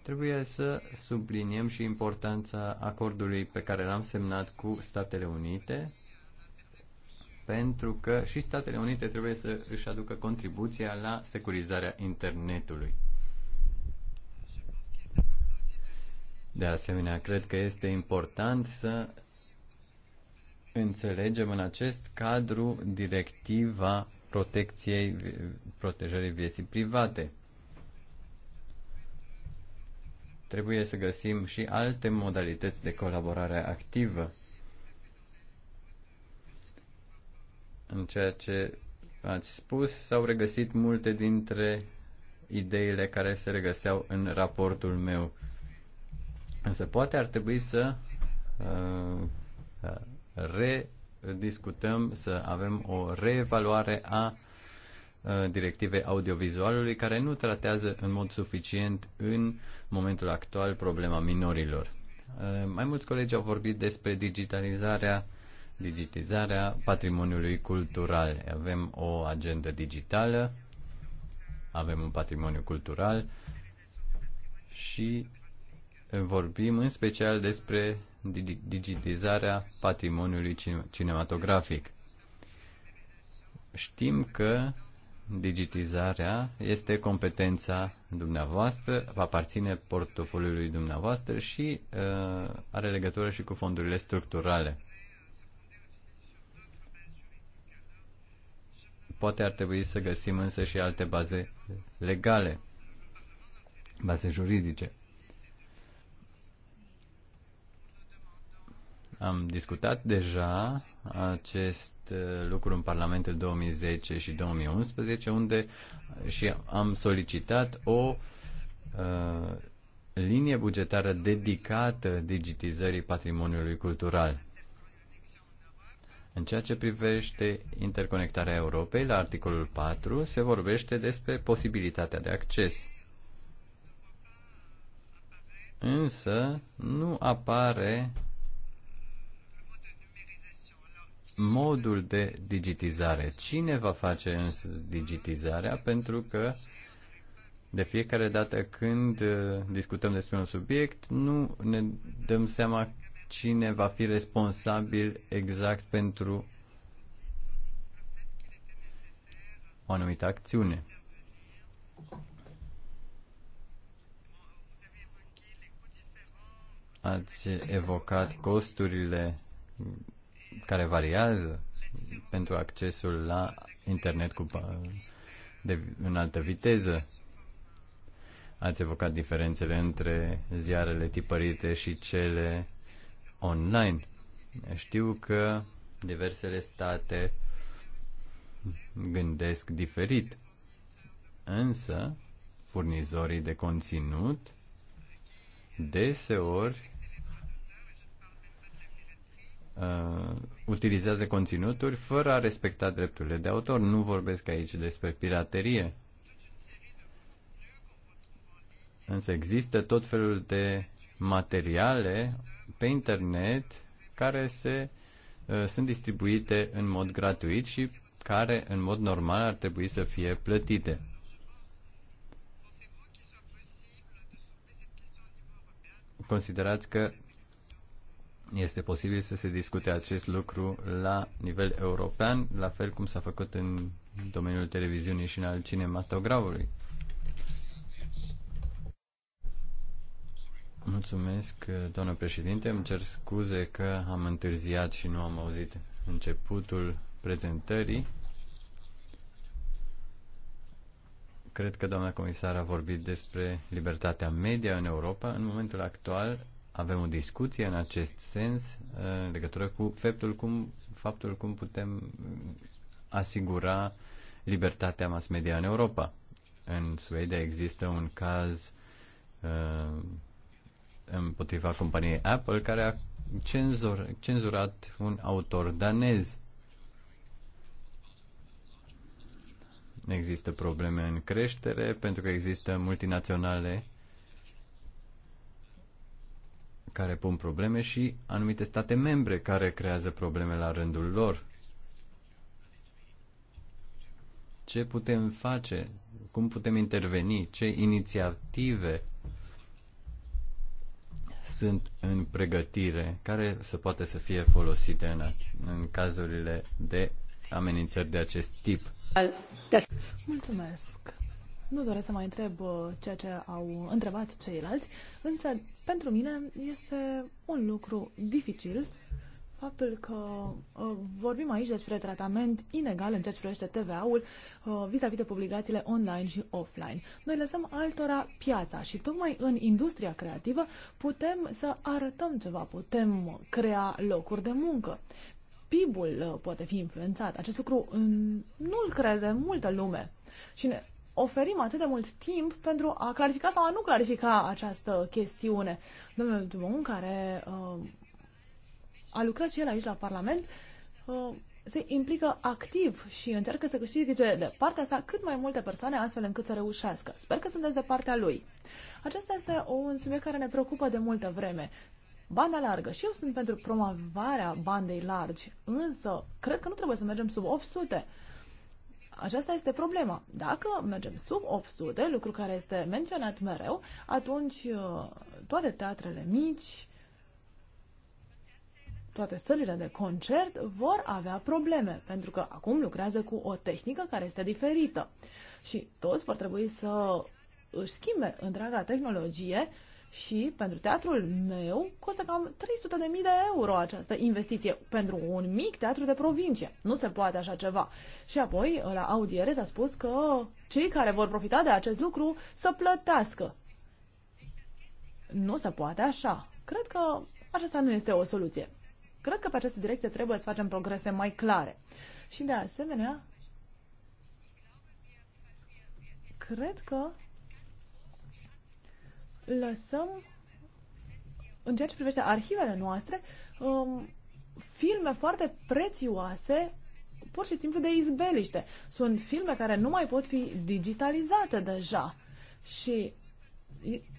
Trebuie să subliniem și importanța acordului pe care l-am semnat cu Statele Unite, pentru că și Statele Unite trebuie să își aducă contribuția la securizarea internetului. De asemenea, cred că este important să înțelegem în acest cadru directiva protecției, protejării vieții private. Trebuie să găsim și alte modalități de colaborare activă în ceea ce ați spus, s-au regăsit multe dintre ideile care se regăseau în raportul meu. Însă poate ar trebui să uh, uh rediscutăm, să avem o reevaluare a Uh, directivei audiovizualului care nu tratează în mod suficient în momentul actual problema minorilor. Uh, mai mulți colegi au vorbit despre digitalizarea, digitizarea patrimoniului cultural. Avem o agendă digitală, avem un patrimoniu cultural și uh, vorbim în special despre digitizarea patrimoniului cinematografic. Știm că digitizarea este competența dumneavoastră, aparține portofoliului dumneavoastră și uh, are legătură și cu fondurile structurale. Poate ar trebui să găsim însă și alte baze legale, baze juridice. Am discutat deja acest uh, lucru în Parlamentul 2010 și 2011, unde și am solicitat o uh, linie bugetară dedicată digitizării patrimoniului cultural. În ceea ce privește interconectarea Europei, la articolul 4 se vorbește despre posibilitatea de acces. Însă nu apare modul de digitizare. Cine va face însă digitizarea? Pentru că de fiecare dată când uh, discutăm despre un subiect, nu ne dăm seama cine va fi responsabil exact pentru o anumită acțiune. Ați evocat costurile care variază pentru accesul la internet cu, de, în altă viteză. Ați evocat diferențele între ziarele tipărite și cele online. Știu că diversele state gândesc diferit, însă furnizorii de conținut deseori uh, utilizează conținuturi fără a respecta drepturile de autor. Nu vorbesc aici despre piraterie. Însă există tot felul de materiale pe internet care se, uh, sunt distribuite în mod gratuit și care în mod normal ar trebui să fie plătite. Considerați că este posibil să se discute acest lucru la nivel european, la fel cum s-a făcut în domeniul televiziunii și în al cinematografului. Mulțumesc, doamnă președinte. Îmi cer scuze că am întârziat și nu am auzit începutul prezentării. Cred că doamna comisar a vorbit despre libertatea media în Europa. În momentul actual, avem o discuție în acest sens uh, în legătură cu faptul cum, faptul cum putem asigura libertatea mass media în Europa. În Suedia există un caz uh, împotriva companiei Apple care a cenzur, cenzurat un autor danez. Există probleme în creștere pentru că există multinaționale care pun probleme și anumite state membre care creează probleme la rândul lor. Ce putem face? Cum putem interveni? Ce inițiative sunt în pregătire care să poate să fie folosite în, în cazurile de amenințări de acest tip? Mulțumesc! Nu doresc să mai întreb uh, ceea ce au întrebat ceilalți, însă pentru mine este un lucru dificil faptul că uh, vorbim aici despre tratament inegal în ceea ce privește TVA-ul uh, vis-a-vis de publicațiile online și offline. Noi lăsăm altora piața și tocmai în industria creativă putem să arătăm ceva, putem crea locuri de muncă. PIB-ul uh, poate fi influențat. Acest lucru uh, nu-l crede multă lume. Și ne, oferim atât de mult timp pentru a clarifica sau a nu clarifica această chestiune. Domnul Dumon, care uh, a lucrat și el aici la Parlament, uh, se implică activ și încearcă să câștige de partea sa cât mai multe persoane astfel încât să reușească. Sper că sunteți de partea lui. Acesta este un subiect care ne preocupă de multă vreme. Banda largă. Și eu sunt pentru promovarea bandei largi, însă cred că nu trebuie să mergem sub 800. Aceasta este problema. Dacă mergem sub 800, lucru care este menționat mereu, atunci uh, toate teatrele mici, toate sălile de concert vor avea probleme, pentru că acum lucrează cu o tehnică care este diferită. Și toți vor trebui să își schimbe întreaga tehnologie și pentru teatrul meu costă cam 300.000 de euro această investiție pentru un mic teatru de provincie. Nu se poate așa ceva. Și apoi, la audiere s-a spus că cei care vor profita de acest lucru să plătească. Nu se poate așa. Cred că aceasta nu este o soluție. Cred că pe această direcție trebuie să facem progrese mai clare. Și de asemenea, cred că lăsăm, în ceea ce privește arhivele noastre, um, filme foarte prețioase pur și simplu de izbeliște. Sunt filme care nu mai pot fi digitalizate deja și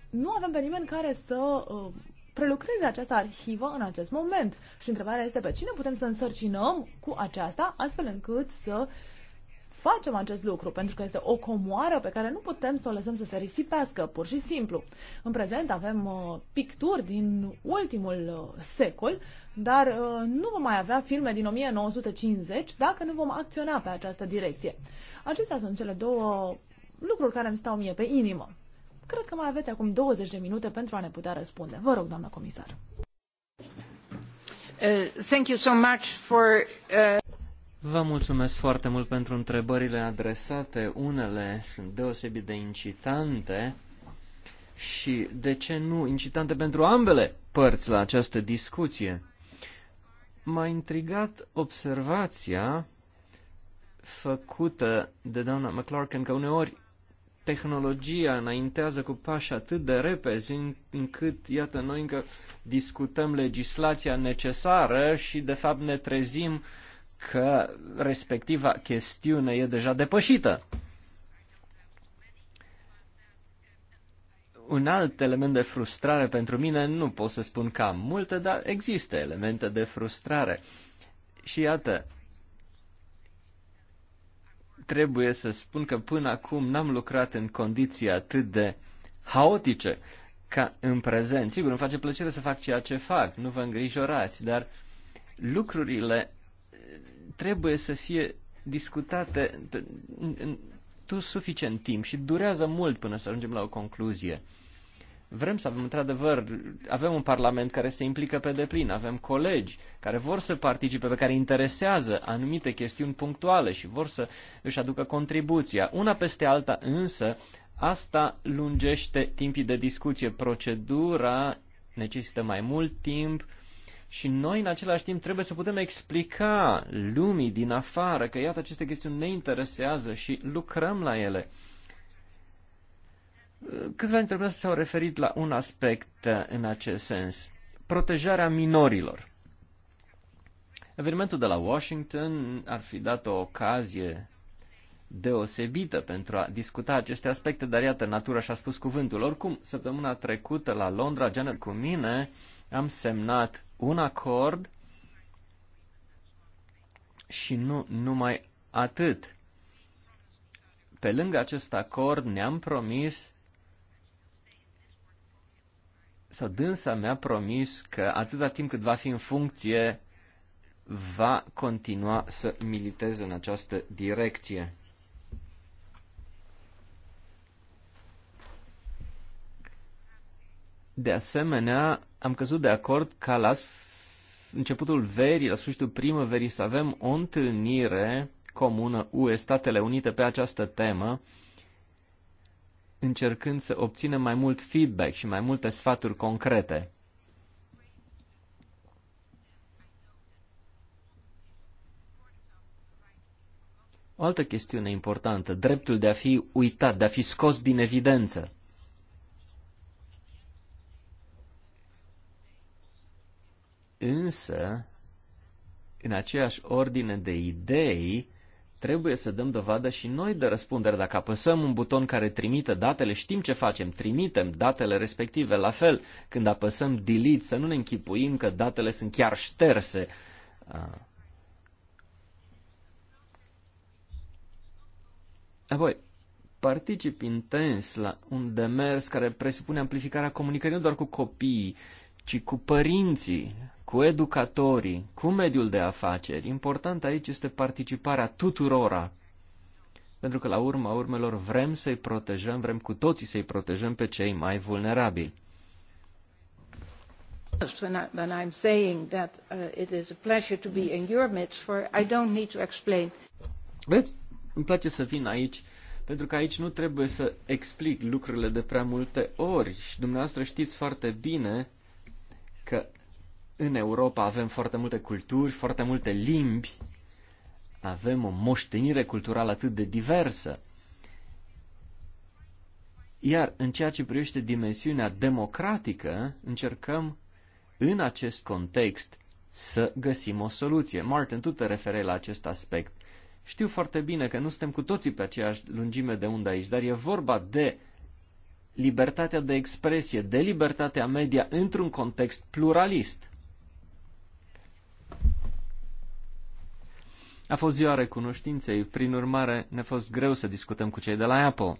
nu avem pe nimeni care să uh, prelucreze această arhivă în acest moment. Și întrebarea este pe cine putem să însărcinăm cu aceasta astfel încât să uh, facem acest lucru, pentru că este o comoară pe care nu putem să o lăsăm să se risipească, pur și simplu. În prezent avem uh, picturi din ultimul uh, secol, dar uh, nu vom mai avea filme din 1950 dacă nu vom acționa pe această direcție. Acestea sunt cele două lucruri care îmi stau mie pe inimă. Cred că mai aveți acum 20 de minute pentru a ne putea răspunde. Vă rog, doamnă comisar. Uh, thank you so much for, uh... Vă mulțumesc foarte mult pentru întrebările adresate. Unele sunt deosebit de incitante și, de ce nu, incitante pentru ambele părți la această discuție. M-a intrigat observația făcută de doamna McClarkin că uneori tehnologia înaintează cu pași atât de repezi încât, iată, noi încă discutăm legislația necesară și, de fapt, ne trezim uh, că respectiva chestiune e deja depășită. Un alt element de frustrare pentru mine, nu pot să spun că am multe, dar există elemente de frustrare. Și iată, trebuie să spun că până acum n-am lucrat în condiții atât de haotice ca în prezent. Sigur, îmi face plăcere să fac ceea ce fac, nu vă îngrijorați, dar lucrurile trebuie să fie discutate pe, în, în, tu suficient timp și durează mult până să ajungem la o concluzie. Vrem să avem, într-adevăr, avem un parlament care se implică pe deplin, avem colegi care vor să participe, pe care interesează anumite chestiuni punctuale și vor să își aducă contribuția. Una peste alta, însă, asta lungește timpii de discuție. Procedura necesită mai mult timp, și noi, în același timp, trebuie să putem explica lumii din afară că, iată, aceste chestiuni ne interesează și lucrăm la ele. Câțiva dintre noi s-au referit la un aspect uh, în acest sens. Protejarea minorilor. Evenimentul de la Washington ar fi dat o ocazie deosebită pentru a discuta aceste aspecte, dar iată, natura și-a spus cuvântul. Oricum, săptămâna trecută la Londra, Janet cu mine, am semnat un acord și nu numai atât. Pe lângă acest acord ne-am promis sau dânsa mi-a promis că atâta timp cât va fi în funcție, va continua să militeze în această direcție. De asemenea, am căzut de acord ca la începutul verii, la sfârșitul primăverii, să avem o întâlnire comună UE, Statele Unite, pe această temă, încercând să obținem mai mult feedback și mai multe sfaturi concrete. O altă chestiune importantă, dreptul de a fi uitat, de a fi scos din evidență. Însă, în aceeași ordine de idei, trebuie să dăm dovadă și noi de răspundere. Dacă apăsăm un buton care trimite datele, știm ce facem, trimitem datele respective. La fel, când apăsăm delete, să nu ne închipuim că datele sunt chiar șterse. Apoi, particip intens la un demers care presupune amplificarea comunicării nu doar cu copiii, ci cu părinții, cu educatorii, cu mediul de afaceri. Important aici este participarea tuturora. Pentru că la urma urmelor vrem să-i protejăm, vrem cu toții să-i protejăm pe cei mai vulnerabili. When, I, when I'm saying that uh, it is a pleasure to be in your midst, for I don't need to explain. Vezi, îmi place să vin aici pentru că aici nu trebuie să explic lucrurile de prea multe ori și dumneavoastră știți foarte bine că în Europa avem foarte multe culturi, foarte multe limbi, avem o moștenire culturală atât de diversă. Iar în ceea ce privește dimensiunea democratică, încercăm în acest context să găsim o soluție. Martin, tu te referi la acest aspect. Știu foarte bine că nu suntem cu toții pe aceeași lungime de undă aici, dar e vorba de libertatea de expresie, de libertatea media într-un context pluralist. A fost ziua recunoștinței, prin urmare ne-a fost greu să discutăm cu cei de la Apple.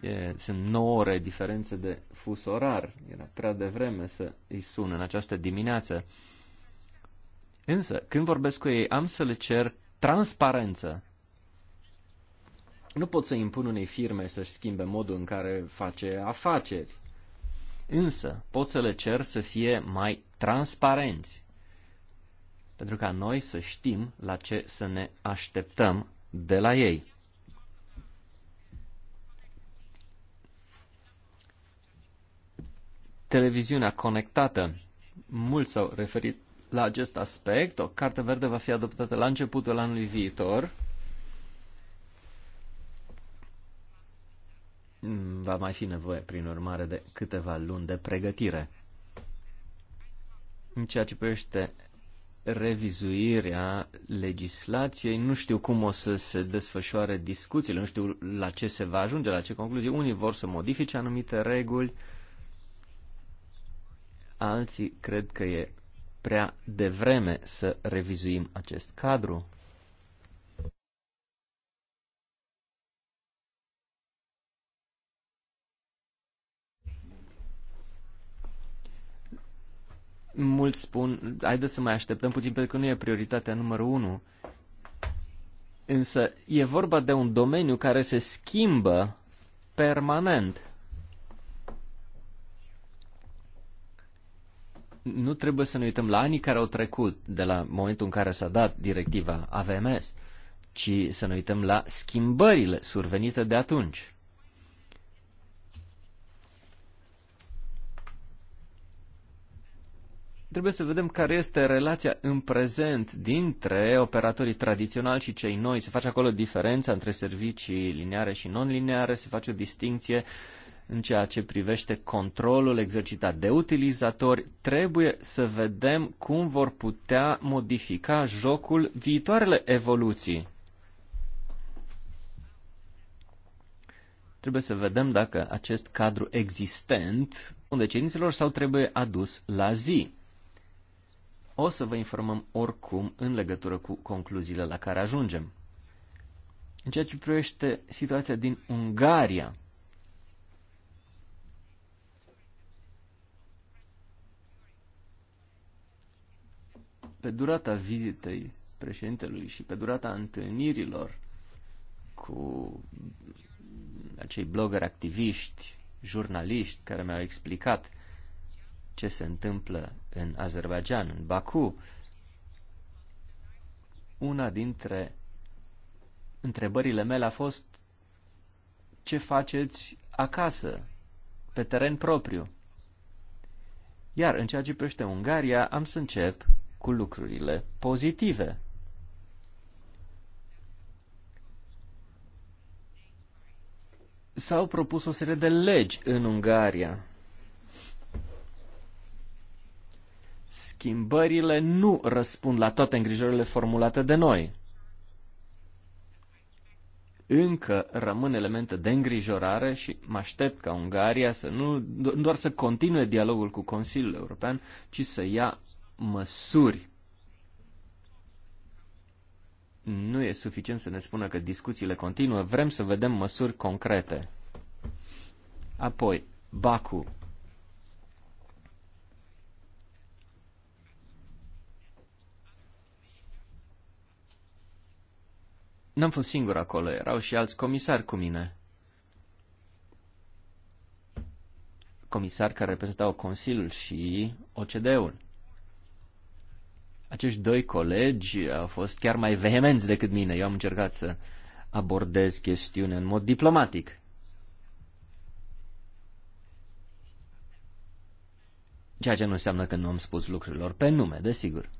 E, sunt 9 ore diferențe de fus orar, era prea devreme să îi sun în această dimineață. Însă, când vorbesc cu ei, am să le cer transparență. Nu pot să impun unei firme să-și schimbe modul în care face afaceri. Însă pot să le cer să fie mai transparenți. Pentru ca noi să știm la ce să ne așteptăm de la ei. Televiziunea conectată. Mulți s-au referit la acest aspect. O carte verde va fi adoptată la începutul anului viitor Va mai fi nevoie, prin urmare, de câteva luni de pregătire. În ceea ce privește revizuirea legislației, nu știu cum o să se desfășoare discuțiile, nu știu la ce se va ajunge, la ce concluzie. Unii vor să modifice anumite reguli, alții cred că e prea devreme să revizuim acest cadru. Mulți spun, haideți să mai așteptăm puțin pentru că nu e prioritatea numărul 1. Însă e vorba de un domeniu care se schimbă permanent. Nu trebuie să ne uităm la anii care au trecut de la momentul în care s-a dat directiva AVMS, ci să ne uităm la schimbările survenite de atunci. Trebuie să vedem care este relația în prezent dintre operatorii tradiționali și cei noi. Se face acolo diferența între servicii lineare și non-lineare, se face o distinție în ceea ce privește controlul exercitat de utilizatori. Trebuie să vedem cum vor putea modifica jocul viitoarele evoluții. Trebuie să vedem dacă acest cadru existent unde cerințelor sau trebuie adus la zi. O să vă informăm oricum în legătură cu concluziile la care ajungem. În ceea ce privește situația din Ungaria, pe durata vizitei președintelui și pe durata întâlnirilor cu acei blogger activiști, jurnaliști care mi-au explicat ce se întâmplă în Azerbaijan, în Baku. Una dintre întrebările mele a fost ce faceți acasă, pe teren propriu. Iar în ceea ce privește Ungaria, am să încep cu lucrurile pozitive. S-au propus o serie de legi în Ungaria schimbările nu răspund la toate îngrijorările formulate de noi. Încă rămân elemente de îngrijorare și mă aștept ca Ungaria să nu doar să continue dialogul cu Consiliul European, ci să ia măsuri. Nu e suficient să ne spună că discuțiile continuă, vrem să vedem măsuri concrete. Apoi, Baku, N-am fost singur acolo, erau și alți comisari cu mine. Comisari care reprezentau Consiliul și OCD-ul. Acești doi colegi au fost chiar mai vehemenți decât mine. Eu am încercat să abordez chestiunea în mod diplomatic. Ceea ce nu înseamnă că nu am spus lucrurilor pe nume, desigur.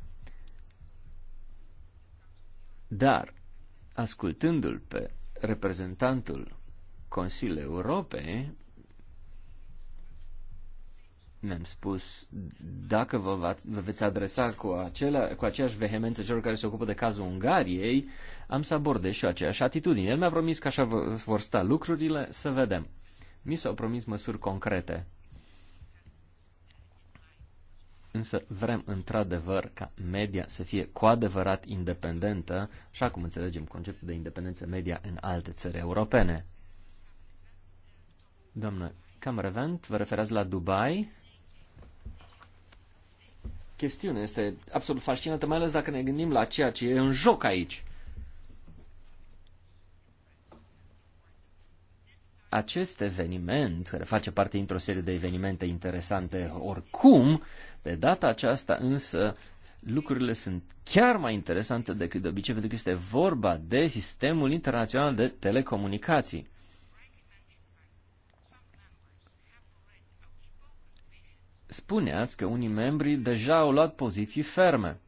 Dar ascultându-l pe reprezentantul Consiliului Europei, ne-am spus, dacă vă, va, vă veți adresa cu, acelea, cu aceeași vehemență celor care se ocupă de cazul Ungariei, am să abordez și eu aceeași atitudine. El mi-a promis că așa vor sta lucrurile, să vedem. Mi s-au promis măsuri concrete însă vrem într-adevăr ca media să fie cu adevărat independentă, așa cum înțelegem conceptul de independență media în alte țări europene. Doamnă Camerevent, vă referați la Dubai? Chestiunea este absolut fascinantă, mai ales dacă ne gândim la ceea ce e în joc aici. acest eveniment, care face parte dintr-o serie de evenimente interesante oricum, de data aceasta însă lucrurile sunt chiar mai interesante decât de obicei, pentru că este vorba de sistemul internațional de telecomunicații. Spuneați că unii membri deja au luat poziții ferme.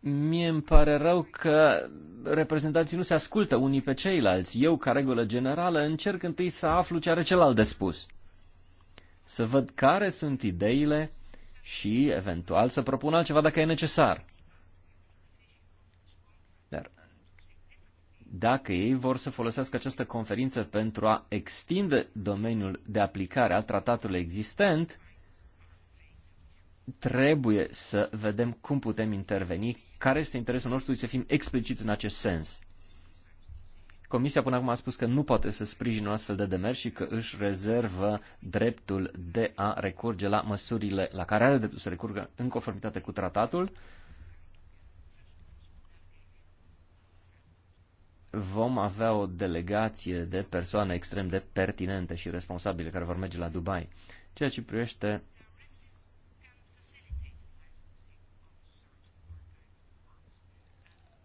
Mie îmi pare rău că reprezentanții nu se ascultă unii pe ceilalți. Eu, ca regulă generală, încerc întâi să aflu ce are celălalt de spus. Să văd care sunt ideile și, eventual, să propun altceva dacă e necesar. Dar dacă ei vor să folosească această conferință pentru a extinde domeniul de aplicare al tratatului existent, trebuie să vedem cum putem interveni care este interesul nostru să fim expliciți în acest sens. Comisia până acum a spus că nu poate să sprijine un astfel de demers și că își rezervă dreptul de a recurge la măsurile la care are dreptul să recurgă în conformitate cu tratatul. Vom avea o delegație de persoane extrem de pertinente și responsabile care vor merge la Dubai. Ceea ce privește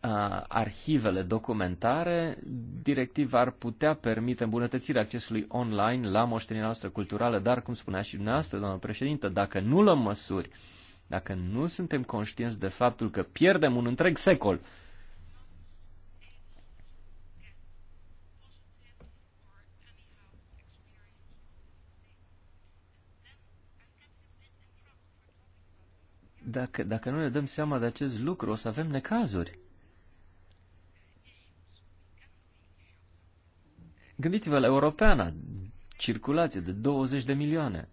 Uh, arhivele documentare, directiva ar putea permite îmbunătățirea accesului online la moștenirea noastră culturală, dar, cum spunea și dumneavoastră, doamnă președintă, dacă nu luăm măsuri, dacă nu suntem conștienți de faptul că pierdem un întreg secol, Dacă, dacă nu ne dăm seama de acest lucru, o să avem necazuri. Gândiți-vă la europeana, circulație de 20 de milioane.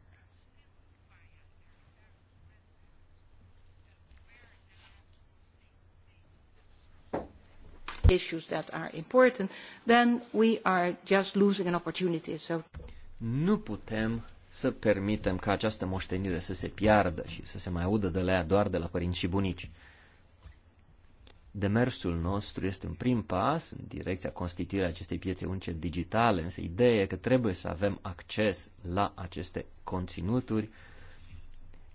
issues that are important, then we are just losing an opportunity. So nu putem să permitem ca această moștenire să se piardă și să se mai audă de la ea doar de la părinți și bunici demersul nostru este un prim pas în direcția constituirii acestei piețe unice digitale, însă ideea e că trebuie să avem acces la aceste conținuturi,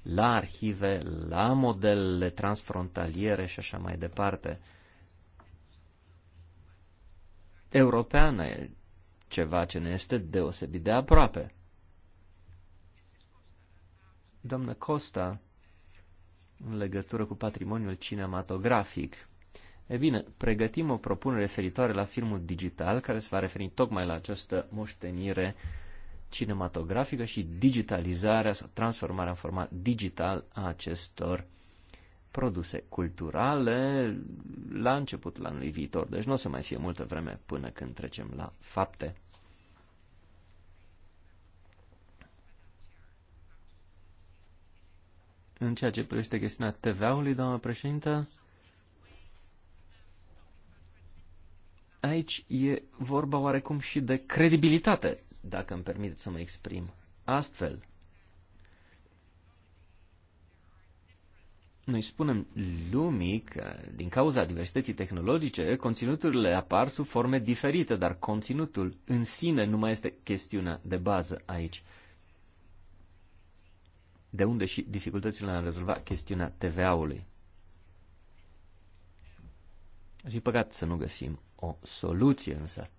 la arhive, la modelele transfrontaliere și așa mai departe. Europeană e ceva ce ne este deosebit de aproape. Doamnă Costa, în legătură cu patrimoniul cinematografic, E bine, pregătim o propunere referitoare la filmul digital care se va referi tocmai la această moștenire cinematografică și digitalizarea sau transformarea în format digital a acestor produse culturale la începutul anului viitor. Deci nu o să mai fie multă vreme până când trecem la fapte. În ceea ce privește chestiunea TVA-ului, doamnă președintă, Aici e vorba oarecum și de credibilitate, dacă îmi permiteți să mă exprim astfel. Noi spunem lumii că, din cauza diversității tehnologice, conținuturile apar sub forme diferite, dar conținutul în sine nu mai este chestiunea de bază aici. De unde și dificultățile în a rezolva chestiunea TVA-ului. Ar fi păcat să nu găsim o soluție însă.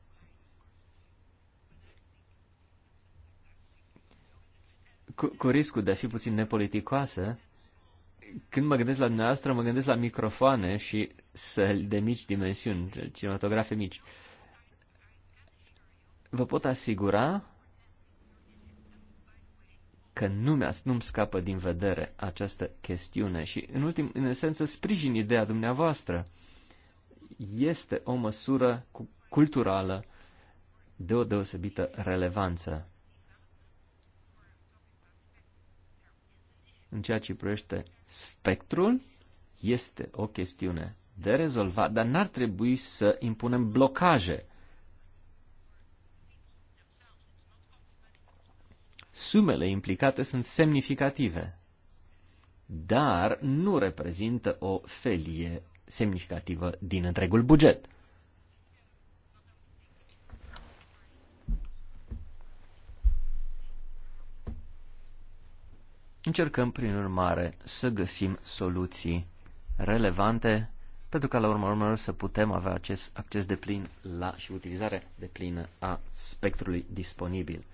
Cu, cu riscul de a fi puțin nepoliticoasă, când mă gândesc la dumneavoastră, mă gândesc la microfoane și săli de mici dimensiuni, cinematografe mici. Vă pot asigura că nu mi nu-mi scapă din vedere această chestiune și, în ultim, în esență, sprijin ideea dumneavoastră este o măsură culturală de o deosebită relevanță. În ceea ce privește spectrul, este o chestiune de rezolvat, dar n-ar trebui să impunem blocaje. Sumele implicate sunt semnificative, dar nu reprezintă o felie semnificativă din întregul buget. Încercăm, prin urmare, să găsim soluții relevante pentru ca la urmă urmă să putem avea acest acces de plin la și utilizare de plină a spectrului disponibil.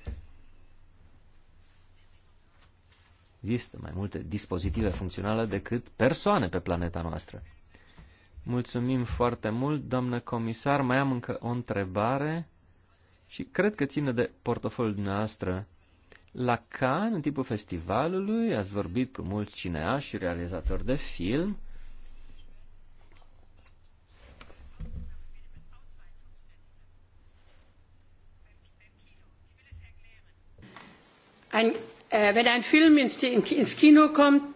Există mai multe dispozitive funcționale decât persoane pe planeta noastră. Mulțumim foarte mult, doamnă comisar. Mai am încă o întrebare și cred că ține de portofoliul dumneavoastră. La Cannes, în timpul festivalului, ați vorbit cu mulți cineași și realizatori de film. Ein, äh, wenn ein Film ins, ins Kino kommt,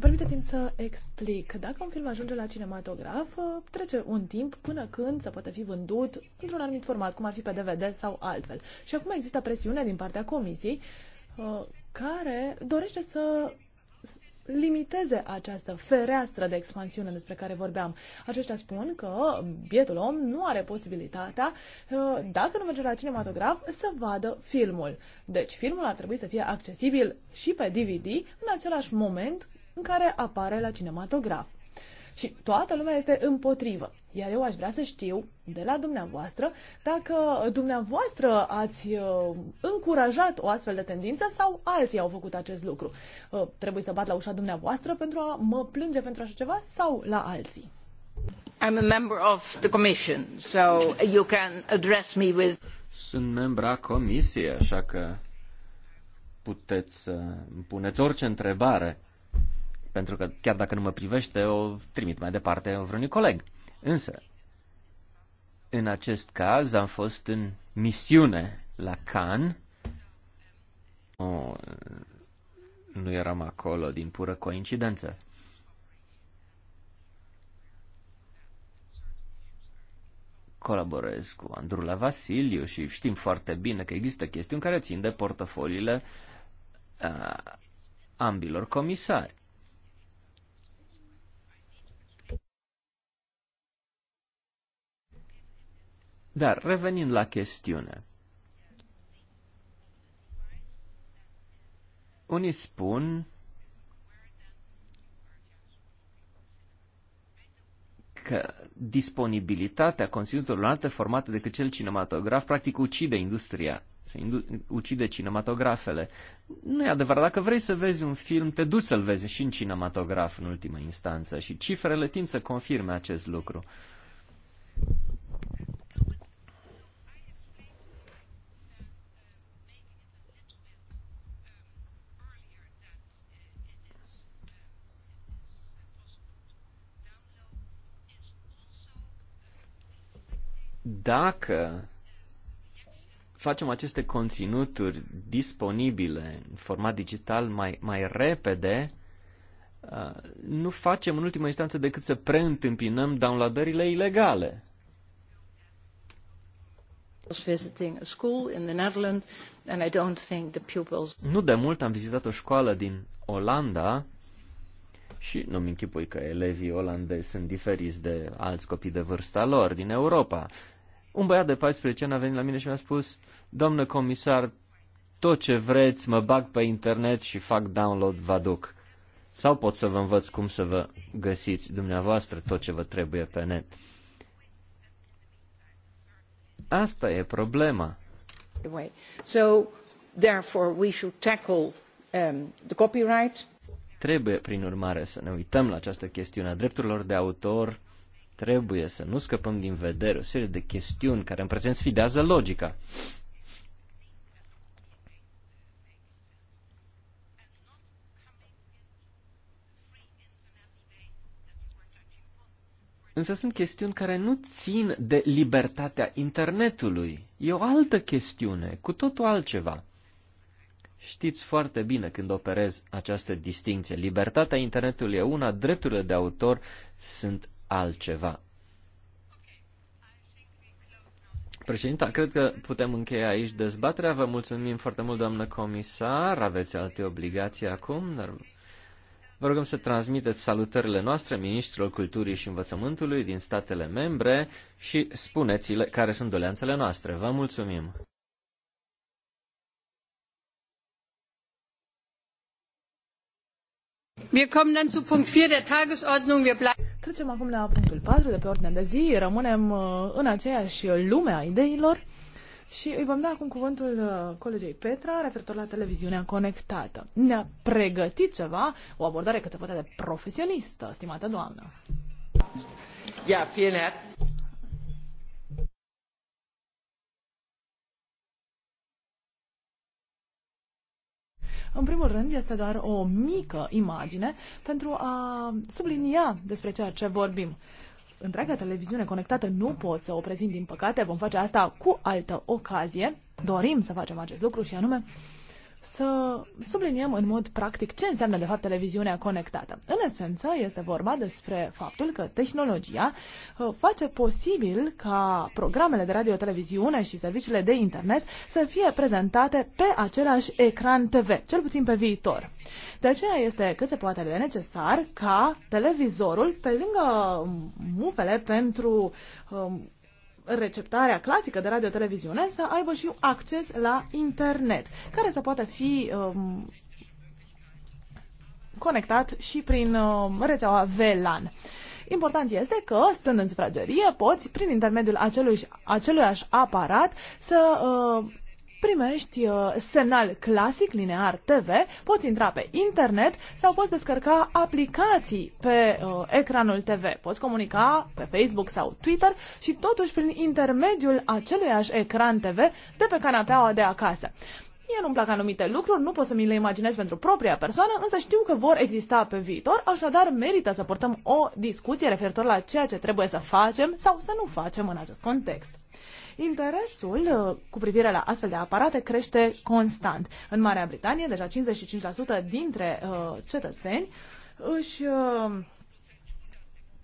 Permiteți-mi să explic. Dacă un film ajunge la cinematograf, trece un timp până când se poate fi vândut într-un anumit format, cum ar fi pe DVD sau altfel. Și acum există presiune din partea comisiei uh, care dorește să limiteze această fereastră de expansiune despre care vorbeam. Aceștia spun că bietul om nu are posibilitatea, uh, dacă nu merge la cinematograf, să vadă filmul. Deci filmul ar trebui să fie accesibil și pe DVD în același moment în care apare la cinematograf. Și toată lumea este împotrivă. Iar eu aș vrea să știu de la dumneavoastră dacă dumneavoastră ați uh, încurajat o astfel de tendință sau alții au făcut acest lucru. Uh, trebuie să bat la ușa dumneavoastră pentru a mă plânge pentru așa ceva sau la alții. I'm a member of the commission, so you can address me with Sunt membra comisiei, așa că puteți să puneți orice întrebare pentru că chiar dacă nu mă privește, o trimit mai departe vreunui coleg. Însă, în acest caz am fost în misiune la Cannes. O, nu eram acolo din pură coincidență. Colaborez cu Andrula Vasiliu și știm foarte bine că există chestiuni care țin de portofoliile ambilor comisari. Dar revenind la chestiune. Unii spun că disponibilitatea conținutului în alte formate decât cel cinematograf practic ucide industria, se ucide cinematografele. Nu e adevărat, dacă vrei să vezi un film, te duci să-l vezi și în cinematograf în ultima instanță și cifrele tind să confirme acest lucru. Dacă facem aceste conținuturi disponibile în format digital mai, mai repede, uh, nu facem în ultima instanță decât să preîntâmpinăm downloadările ilegale. Nu de mult am vizitat o școală din Olanda și nu-mi închipui că elevii olandezi sunt diferiți de alți copii de vârsta lor din Europa. Un băiat de 14 ani a venit la mine și mi-a spus, domnule comisar, tot ce vreți, mă bag pe internet și fac download, vă duc. Sau pot să vă învăț cum să vă găsiți dumneavoastră tot ce vă trebuie pe net. Asta e problema. So, therefore, we should tackle um, the copyright. Trebuie, prin urmare, să ne uităm la această chestiune a drepturilor de autor, Trebuie să nu scăpăm din vedere o serie de chestiuni care în prezent sfidează logica. Însă sunt chestiuni care nu țin de libertatea internetului. E o altă chestiune, cu totul altceva. Știți foarte bine când operez această distinție. Libertatea internetului e una, drepturile de autor sunt altceva. Președinta, cred că putem încheia aici dezbaterea. Vă mulțumim foarte mult, doamnă comisar. Aveți alte obligații acum, dar vă rugăm să transmiteți salutările noastre ministrilor culturii și învățământului din statele membre și spuneți-le care sunt doleanțele noastre. Vă mulțumim! Trecem acum la punctul 4 de pe ordinea de zi. Rămânem uh, în aceeași lume a ideilor și îi vom da acum cuvântul uh, colegei Petra referitor la televiziunea conectată. Ne-a pregătit ceva, o abordare câte poate de profesionistă, stimată doamnă. Ja, vielen herzlichen În primul rând, este doar o mică imagine pentru a sublinia despre ceea ce vorbim. Întreaga televiziune conectată nu pot să o prezint, din păcate. Vom face asta cu altă ocazie. Dorim să facem acest lucru și anume să subliniem în mod practic ce înseamnă de fapt televiziunea conectată. În esență, este vorba despre faptul că tehnologia uh, face posibil ca programele de radio-televiziune și serviciile de internet să fie prezentate pe același ecran TV, cel puțin pe viitor. De aceea este cât se poate de necesar ca televizorul, pe lângă mufele pentru um, receptarea clasică de radio-televiziune să aibă și acces la internet, care să poată fi um, conectat și prin um, rețeaua VLAN. Important este că, stând în sufragerie, poți, prin intermediul acelui, aceluiași aparat, să uh, primești uh, semnal clasic, linear TV, poți intra pe internet sau poți descărca aplicații pe uh, ecranul TV. Poți comunica pe Facebook sau Twitter și totuși prin intermediul aceluiași ecran TV de pe canapeaua de acasă. Mie nu-mi plac anumite lucruri, nu pot să mi le imaginez pentru propria persoană, însă știu că vor exista pe viitor, așadar merită să portăm o discuție referitor la ceea ce trebuie să facem sau să nu facem în acest context. Interesul uh, cu privire la astfel de aparate crește constant. În Marea Britanie, deja 55% dintre uh, cetățeni își uh,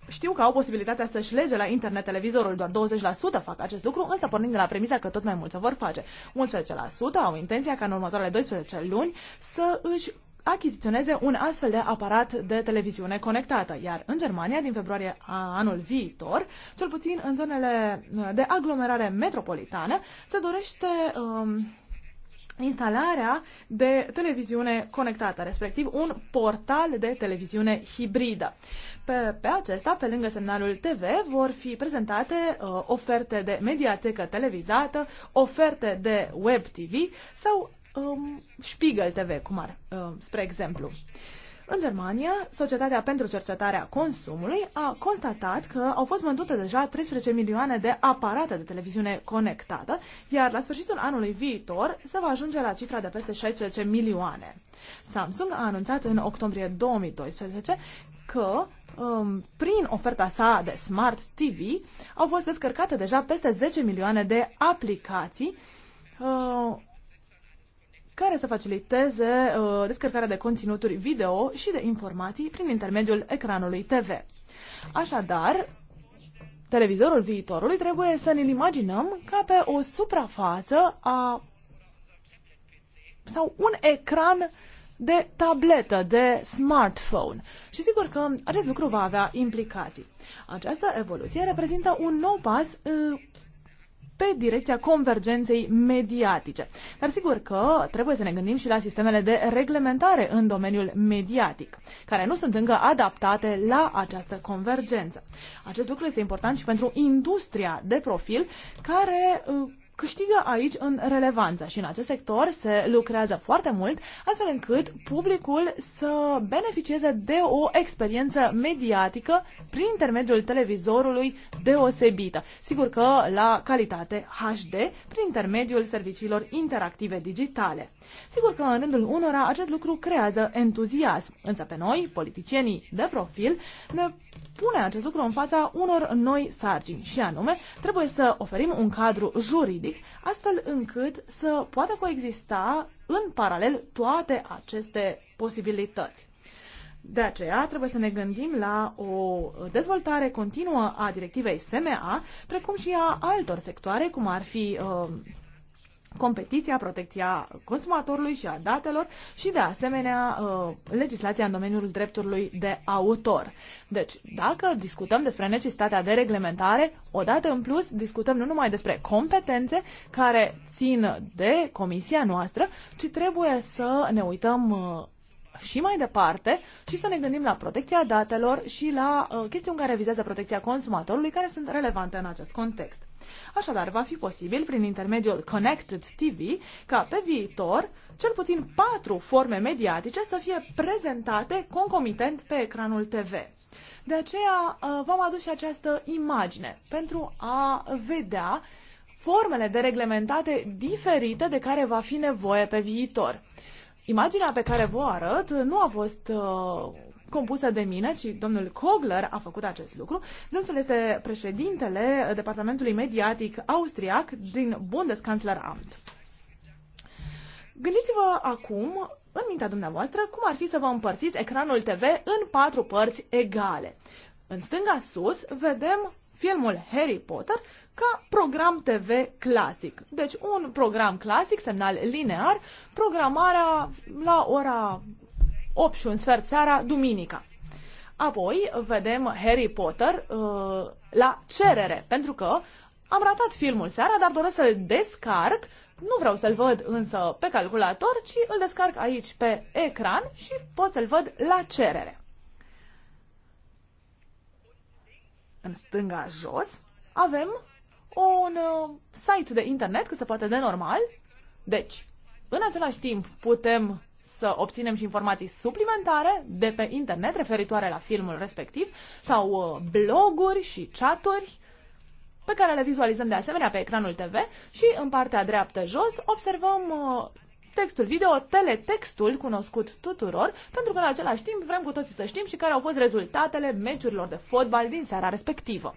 știu că au posibilitatea să-și lege la internet televizorul, doar 20% fac acest lucru, însă pornind de la premisa că tot mai mulți o vor face. 11% au intenția ca în următoarele 12 luni să își achiziționeze un astfel de aparat de televiziune conectată. Iar în Germania, din februarie a anul viitor, cel puțin în zonele uh, de aglomerare metropolitană, se dorește um, instalarea de televiziune conectată, respectiv un portal de televiziune hibridă. Pe, pe acesta, pe lângă semnalul TV, vor fi prezentate uh, oferte de mediatecă televizată, oferte de web TV sau um, Spiegel TV, cum ar, um, spre exemplu. În Germania, Societatea pentru Cercetarea Consumului a constatat că au fost vândute deja 13 milioane de aparate de televiziune conectată, iar la sfârșitul anului viitor se va ajunge la cifra de peste 16 milioane. Samsung a anunțat în octombrie 2012 că um, prin oferta sa de Smart TV au fost descărcate deja peste 10 milioane de aplicații uh, care să faciliteze uh, descărcarea de conținuturi video și de informații prin intermediul ecranului TV. Așadar, televizorul viitorului trebuie să ne-l imaginăm ca pe o suprafață a sau un ecran de tabletă, de smartphone. Și sigur că acest lucru va avea implicații. Această evoluție reprezintă un nou pas uh, pe direcția convergenței mediatice. Dar sigur că trebuie să ne gândim și la sistemele de reglementare în domeniul mediatic, care nu sunt încă adaptate la această convergență. Acest lucru este important și pentru industria de profil, care uh, câștigă aici în relevanță și în acest sector se lucrează foarte mult, astfel încât publicul să beneficieze de o experiență mediatică prin intermediul televizorului deosebită. Sigur că la calitate HD, prin intermediul serviciilor interactive digitale. Sigur că în rândul unora acest lucru creează entuziasm, însă pe noi, politicienii de profil, ne pune acest lucru în fața unor noi sarcini și anume trebuie să oferim un cadru juridic astfel încât să poată coexista în paralel toate aceste posibilități. De aceea trebuie să ne gândim la o dezvoltare continuă a directivei SMA, precum și a altor sectoare, cum ar fi uh, competiția, protecția consumatorului și a datelor și, de asemenea, uh, legislația în domeniul drepturilor de autor. Deci, dacă discutăm despre necesitatea de reglementare, odată în plus discutăm nu numai despre competențe care țin de comisia noastră, ci trebuie să ne uităm uh, și mai departe și să ne gândim la protecția datelor și la uh, chestiuni care vizează protecția consumatorului care sunt relevante în acest context. Așadar, va fi posibil, prin intermediul Connected TV, ca pe viitor cel puțin patru forme mediatice să fie prezentate concomitent pe ecranul TV. De aceea uh, v-am adus și această imagine pentru a vedea formele de reglementate diferite de care va fi nevoie pe viitor. Imaginea pe care vă arăt nu a fost uh, compusă de mine, ci domnul Kogler a făcut acest lucru. Dânsul este președintele Departamentului Mediatic Austriac din Bundeskanzleramt. Gândiți-vă acum, în mintea dumneavoastră, cum ar fi să vă împărțiți ecranul TV în patru părți egale. În stânga sus vedem filmul Harry Potter ca program TV clasic. Deci un program clasic, semnal linear, programarea la ora 8 și un sfert seara, duminica. Apoi vedem Harry Potter uh, la cerere, pentru că am ratat filmul seara, dar doresc să-l descarc. Nu vreau să-l văd însă pe calculator, ci îl descarc aici pe ecran și pot să-l văd la cerere. În stânga jos avem un uh, site de internet că se poate de normal. Deci, în același timp putem să obținem și informații suplimentare de pe internet referitoare la filmul respectiv sau uh, bloguri și chaturi pe care le vizualizăm de asemenea pe ecranul TV și în partea dreaptă jos observăm uh, textul video, teletextul cunoscut tuturor, pentru că în același timp vrem cu toții să știm și care au fost rezultatele meciurilor de fotbal din seara respectivă.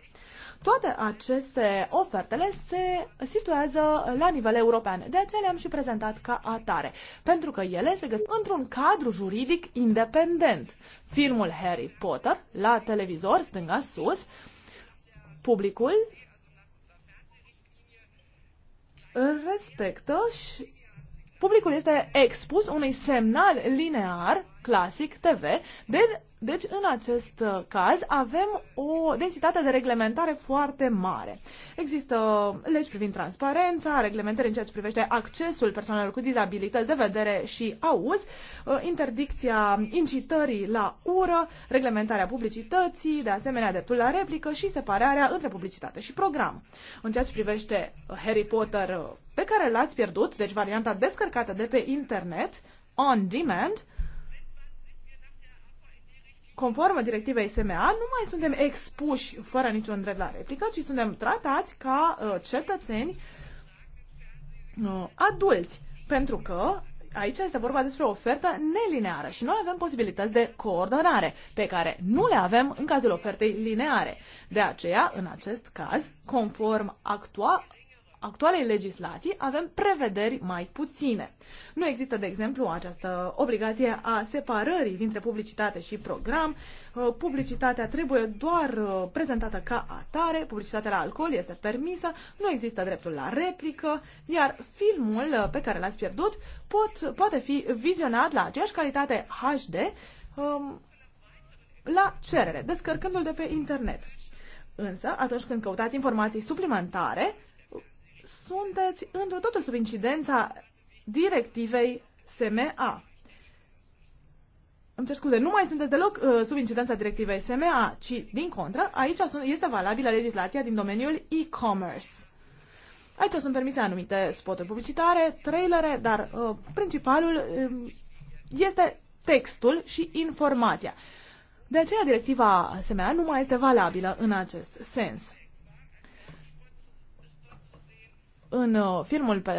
Toate aceste ofertele se situează la nivel european, de aceea le-am și prezentat ca atare, pentru că ele se găsesc într-un cadru juridic independent. Filmul Harry Potter, la televizor, stânga-sus, publicul respectă și publicul este expus unui semnal linear, clasic, TV, de, deci în acest uh, caz avem o densitate de reglementare foarte mare. Există uh, legi privind transparența, reglementări în ceea ce privește accesul persoanelor cu dizabilități de vedere și auz, uh, interdicția incitării la ură, reglementarea publicității, de asemenea dreptul la replică și separarea între publicitate și program. În ceea ce privește Harry Potter pe care l-ați pierdut, deci varianta descărcată de pe internet, on demand, conform directivei SMA, nu mai suntem expuși fără niciun drept la replică, ci suntem tratați ca uh, cetățeni uh, adulți, pentru că aici este vorba despre o ofertă nelineară și noi avem posibilități de coordonare pe care nu le avem în cazul ofertei lineare. De aceea, în acest caz, conform actual, actualei legislații avem prevederi mai puține. Nu există, de exemplu, această obligație a separării dintre publicitate și program. Uh, publicitatea trebuie doar uh, prezentată ca atare, publicitatea la alcool este permisă, nu există dreptul la replică, iar filmul uh, pe care l-ați pierdut pot, poate fi vizionat la aceeași calitate HD um, la cerere, descărcându-l de pe internet. Însă, atunci când căutați informații suplimentare, sunteți într totul sub incidența directivei SMA. Îmi cer scuze, nu mai sunteți deloc uh, sub incidența directivei SMA, ci din contră, aici este valabilă legislația din domeniul e-commerce. Aici sunt permise anumite spoturi publicitare, trailere, dar uh, principalul uh, este textul și informația. De aceea directiva SMA nu mai este valabilă în acest sens. în uh, filmul pe,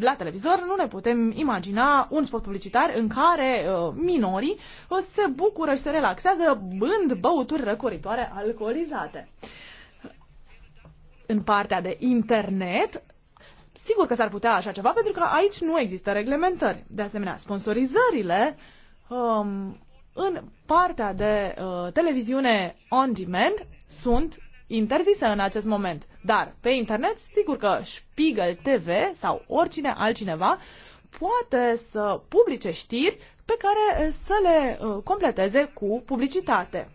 la televizor nu ne putem imagina un spot publicitar în care uh, minorii uh, se bucură și se relaxează bând băuturi răcoritoare alcoolizate. În partea de internet, sigur că s-ar putea așa ceva, pentru că aici nu există reglementări. De asemenea, sponsorizările um, în partea de uh, televiziune on demand sunt interzisă în acest moment. Dar pe internet, sigur că Spiegel TV sau oricine altcineva poate să publice știri pe care eh, să le eh, completeze cu publicitate.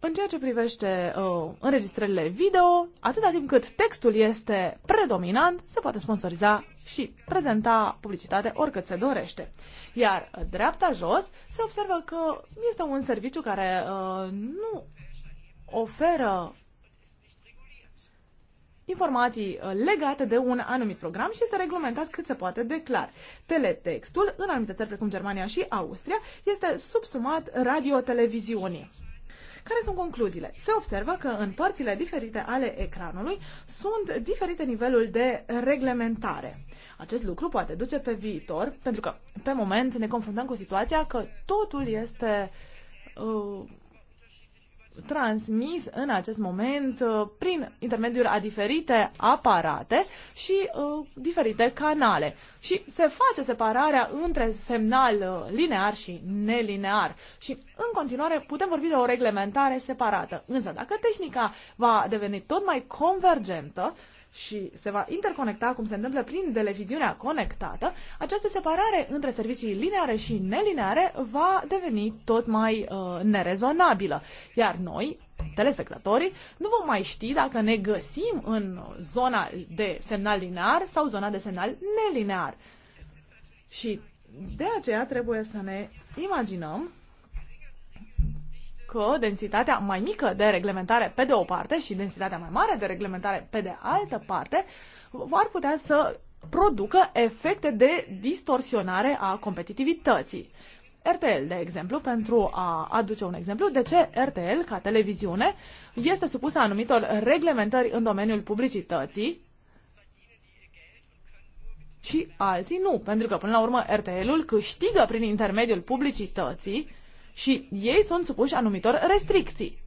În ceea ce privește uh, înregistrările video, atâta timp cât textul este predominant, se poate sponsoriza și prezenta publicitate oricât se dorește. Iar dreapta jos se observă că este un serviciu care uh, nu oferă informații uh, legate de un anumit program și este reglementat cât se poate de clar. Teletextul, în anumite țări precum Germania și Austria, este subsumat radio Care sunt concluziile? Se observă că în părțile diferite ale ecranului sunt diferite niveluri de reglementare. Acest lucru poate duce pe viitor, pentru că pe moment ne confruntăm cu situația că totul este uh, transmis în acest moment uh, prin intermediul a diferite aparate și uh, diferite canale. Și se face separarea între semnal uh, linear și nelinear. Și în continuare putem vorbi de o reglementare separată. Însă dacă tehnica va deveni tot mai convergentă, și se va interconecta, cum se întâmplă prin televiziunea conectată, această separare între servicii lineare și nelineare va deveni tot mai uh, nerezonabilă. Iar noi, telespectatorii, nu vom mai ști dacă ne găsim în zona de semnal linear sau zona de semnal nelinear. Și de aceea trebuie să ne imaginăm că densitatea mai mică de reglementare pe de o parte și densitatea mai mare de reglementare pe de altă parte ar putea să producă efecte de distorsionare a competitivității. RTL, de exemplu, pentru a aduce un exemplu, de ce RTL, ca televiziune, este supusă anumitor reglementări în domeniul publicității și alții nu, pentru că, până la urmă, RTL-ul câștigă prin intermediul publicității și ei sunt supuși anumitor restricții.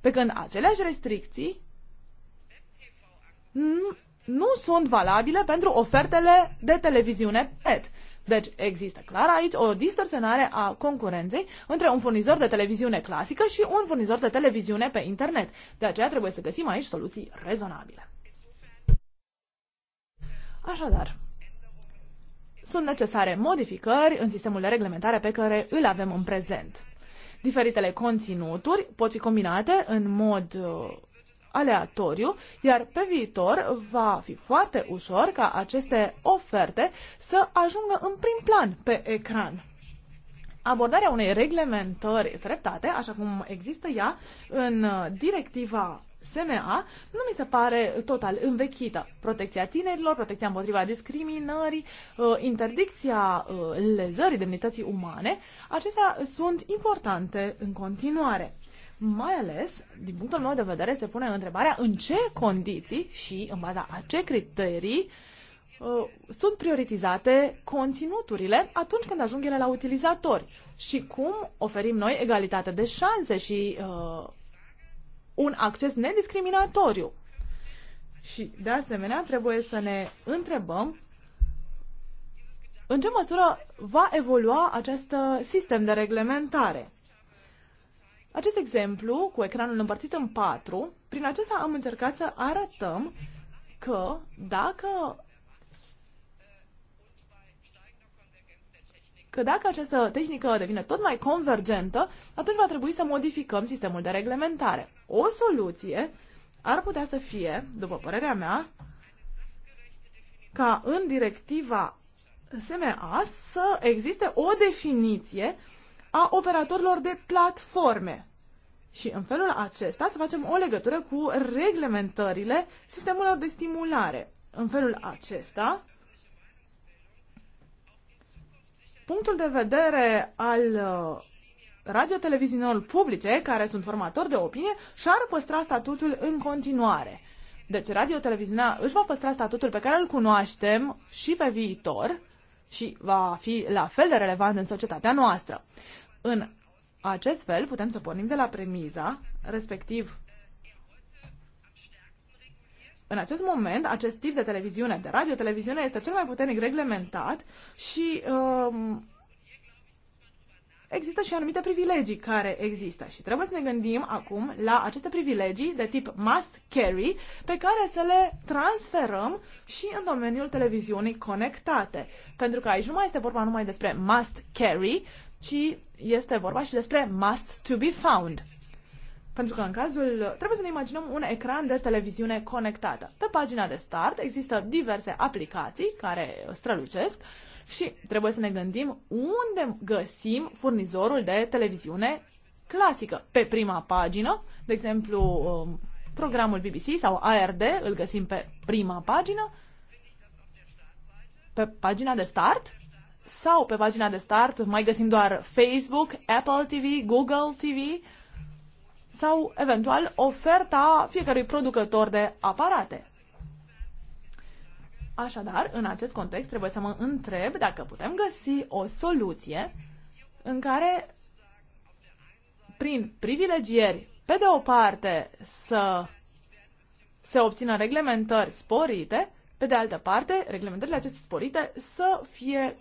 Pe când aceleași restricții nu sunt valabile pentru ofertele de televiziune PET. Deci există clar aici o distorsionare a concurenței între un furnizor de televiziune clasică și un furnizor de televiziune pe internet. De aceea trebuie să găsim aici soluții rezonabile. Așadar, sunt necesare modificări în sistemul de reglementare pe care îl avem în prezent. Diferitele conținuturi pot fi combinate în mod uh, aleatoriu, iar pe viitor va fi foarte ușor ca aceste oferte să ajungă în prim plan pe ecran. Abordarea unei reglementări treptate, așa cum există ea în uh, directiva SMA nu mi se pare total învechită. Protecția tinerilor, protecția împotriva discriminării, uh, interdicția uh, lezării demnității umane, acestea sunt importante în continuare. Mai ales, din punctul meu de vedere, se pune întrebarea în ce condiții și în baza a ce criterii uh, sunt prioritizate conținuturile atunci când ajung ele la utilizatori și cum oferim noi egalitate de șanse și uh, un acces nediscriminatoriu. Și, de asemenea, trebuie să ne întrebăm în ce măsură va evolua acest uh, sistem de reglementare. Acest exemplu, cu ecranul împărțit în patru, prin acesta am încercat să arătăm că dacă că dacă această tehnică devine tot mai convergentă, atunci va trebui să modificăm sistemul de reglementare. O soluție ar putea să fie, după părerea mea, ca în directiva SMA să existe o definiție a operatorilor de platforme. Și în felul acesta să facem o legătură cu reglementările sistemelor de stimulare. În felul acesta punctul de vedere al uh, radioteleviziunilor publice, care sunt formatori de opinie, și-ar păstra statutul în continuare. Deci radioteleviziunea își va păstra statutul pe care îl cunoaștem și pe viitor și va fi la fel de relevant în societatea noastră. În acest fel putem să pornim de la premiza, respectiv în acest moment, acest tip de televiziune, de radio, televiziune, este cel mai puternic reglementat și um, există și anumite privilegii care există și trebuie să ne gândim acum la aceste privilegii de tip must carry pe care să le transferăm și în domeniul televiziunii conectate. Pentru că aici nu mai este vorba numai despre must carry, ci este vorba și despre must to be found. Pentru că în cazul, trebuie să ne imaginăm un ecran de televiziune conectată. Pe pagina de start există diverse aplicații care strălucesc și trebuie să ne gândim unde găsim furnizorul de televiziune clasică. Pe prima pagină, de exemplu, um, programul BBC sau ARD îl găsim pe prima pagină, pe pagina de start sau pe pagina de start mai găsim doar Facebook, Apple TV, Google TV, sau eventual oferta fiecărui producător de aparate. Așadar, în acest context, trebuie să mă întreb dacă putem găsi o soluție în care, prin privilegieri, pe de o parte, să se obțină reglementări sporite, pe de altă parte, reglementările acestea sporite să fie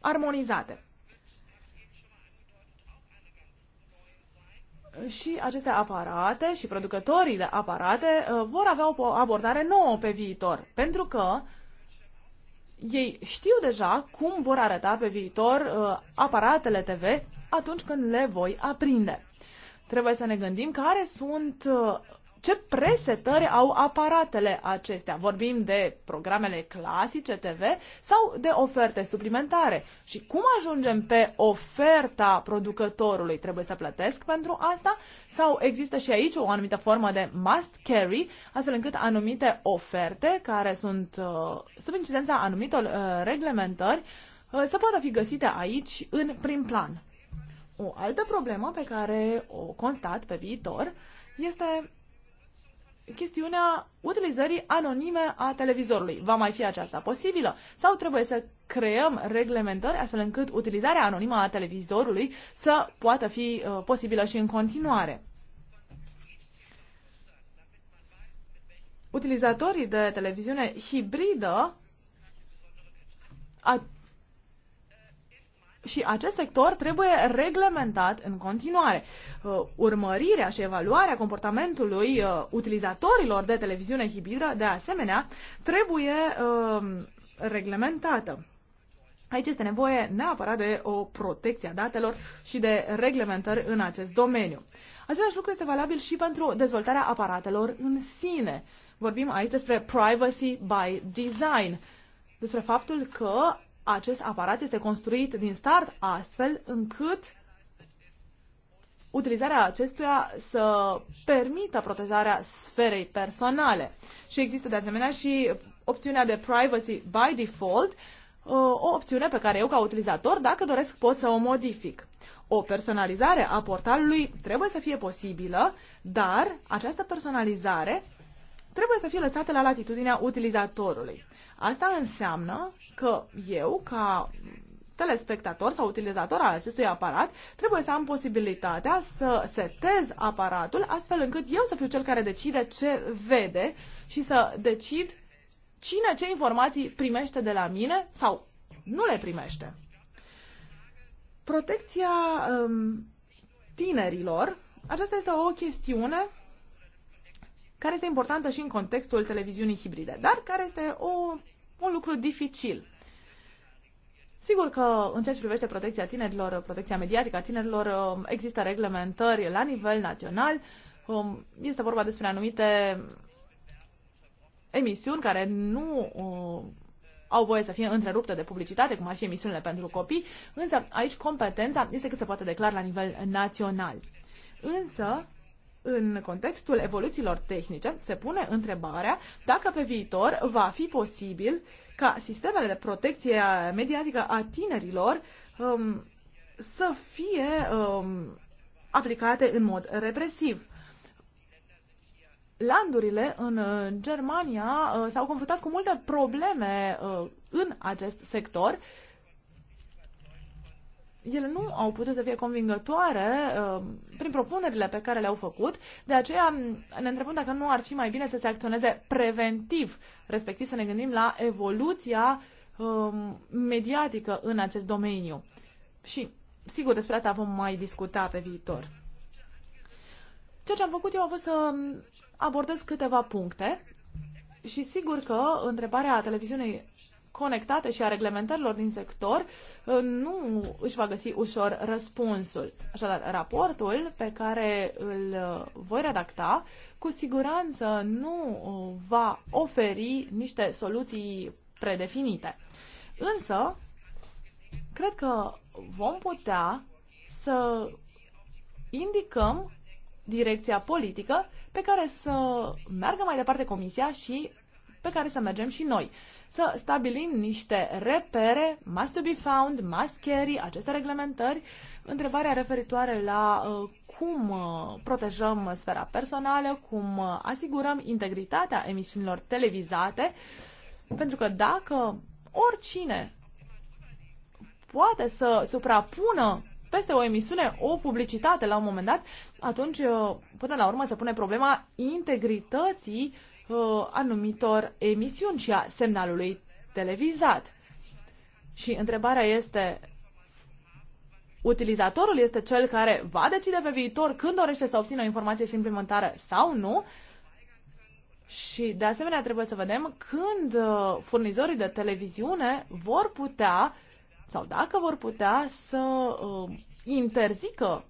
armonizate. și aceste aparate și producătorii de aparate uh, vor avea o abordare nouă pe viitor, pentru că ei știu deja cum vor arăta pe viitor uh, aparatele TV atunci când le voi aprinde. Trebuie să ne gândim care sunt uh, ce presetări au aparatele acestea. Vorbim de programele clasice TV sau de oferte suplimentare. Și cum ajungem pe oferta producătorului? Trebuie să plătesc pentru asta? Sau există și aici o anumită formă de must carry, astfel încât anumite oferte care sunt uh, sub incidența anumitor uh, reglementări uh, să poată fi găsite aici în prim plan. O altă problemă pe care o constat pe viitor este chestiunea utilizării anonime a televizorului. Va mai fi aceasta posibilă? Sau trebuie să creăm reglementări astfel încât utilizarea anonimă a televizorului să poată fi uh, posibilă și în continuare? Utilizatorii de televiziune hibridă și acest sector trebuie reglementat în continuare. Uh, urmărirea și evaluarea comportamentului uh, utilizatorilor de televiziune hibridă, de asemenea, trebuie uh, reglementată. Aici este nevoie neapărat de o protecție a datelor și de reglementări în acest domeniu. Același lucru este valabil și pentru dezvoltarea aparatelor în sine. Vorbim aici despre privacy by design, despre faptul că acest aparat este construit din start astfel încât utilizarea acestuia să permită protejarea sferei personale. Și există de asemenea și opțiunea de privacy by default, uh, o opțiune pe care eu ca utilizator, dacă doresc, pot să o modific. O personalizare a portalului trebuie să fie posibilă, dar această personalizare trebuie să fie lăsată la latitudinea utilizatorului. Asta înseamnă că eu, ca telespectator sau utilizator al acestui aparat, trebuie să am posibilitatea să setez aparatul astfel încât eu să fiu cel care decide ce vede și să decid cine ce informații primește de la mine sau nu le primește. Protecția um, tinerilor, aceasta este o chestiune care este importantă și în contextul televiziunii hibride, dar care este o, un lucru dificil. Sigur că în ceea ce privește protecția tinerilor, protecția mediatică a tinerilor, um, există reglementări la nivel național. Um, este vorba despre anumite emisiuni care nu um, au voie să fie întrerupte de publicitate, cum ar fi emisiunile pentru copii, însă aici competența este cât se poate declar la nivel național. Însă, în contextul evoluțiilor tehnice, se pune întrebarea dacă pe viitor va fi posibil ca sistemele de protecție mediatică a tinerilor um, să fie um, aplicate în mod represiv. Landurile în uh, Germania uh, s-au confruntat cu multe probleme uh, în acest sector ele nu au putut să fie convingătoare uh, prin propunerile pe care le-au făcut, de aceea ne întrebăm dacă nu ar fi mai bine să se acționeze preventiv, respectiv să ne gândim la evoluția uh, mediatică în acest domeniu. Și, sigur, despre asta vom mai discuta pe viitor. Ceea ce am făcut eu a fost să abordez câteva puncte și sigur că întrebarea televiziunii conectate și a reglementărilor din sector, uh, nu își va găsi ușor răspunsul. Așadar, raportul pe care îl uh, voi redacta, cu siguranță nu uh, va oferi niște soluții predefinite. Însă, cred că vom putea să indicăm direcția politică pe care să meargă mai departe Comisia și pe care să mergem și noi. Să stabilim niște repere, must to be found, must carry, aceste reglementări. Întrebarea referitoare la uh, cum uh, protejăm sfera personală, cum uh, asigurăm integritatea emisiunilor televizate, pentru că dacă oricine poate să suprapună peste o emisiune o publicitate la un moment dat, atunci până la urmă se pune problema integrității uh, anumitor emisiuni și a semnalului televizat. Și întrebarea este, utilizatorul este cel care va decide pe viitor când dorește să obțină o informație suplimentară sau nu, și de asemenea trebuie să vedem când uh, furnizorii de televiziune vor putea sau dacă vor putea să uh, interzică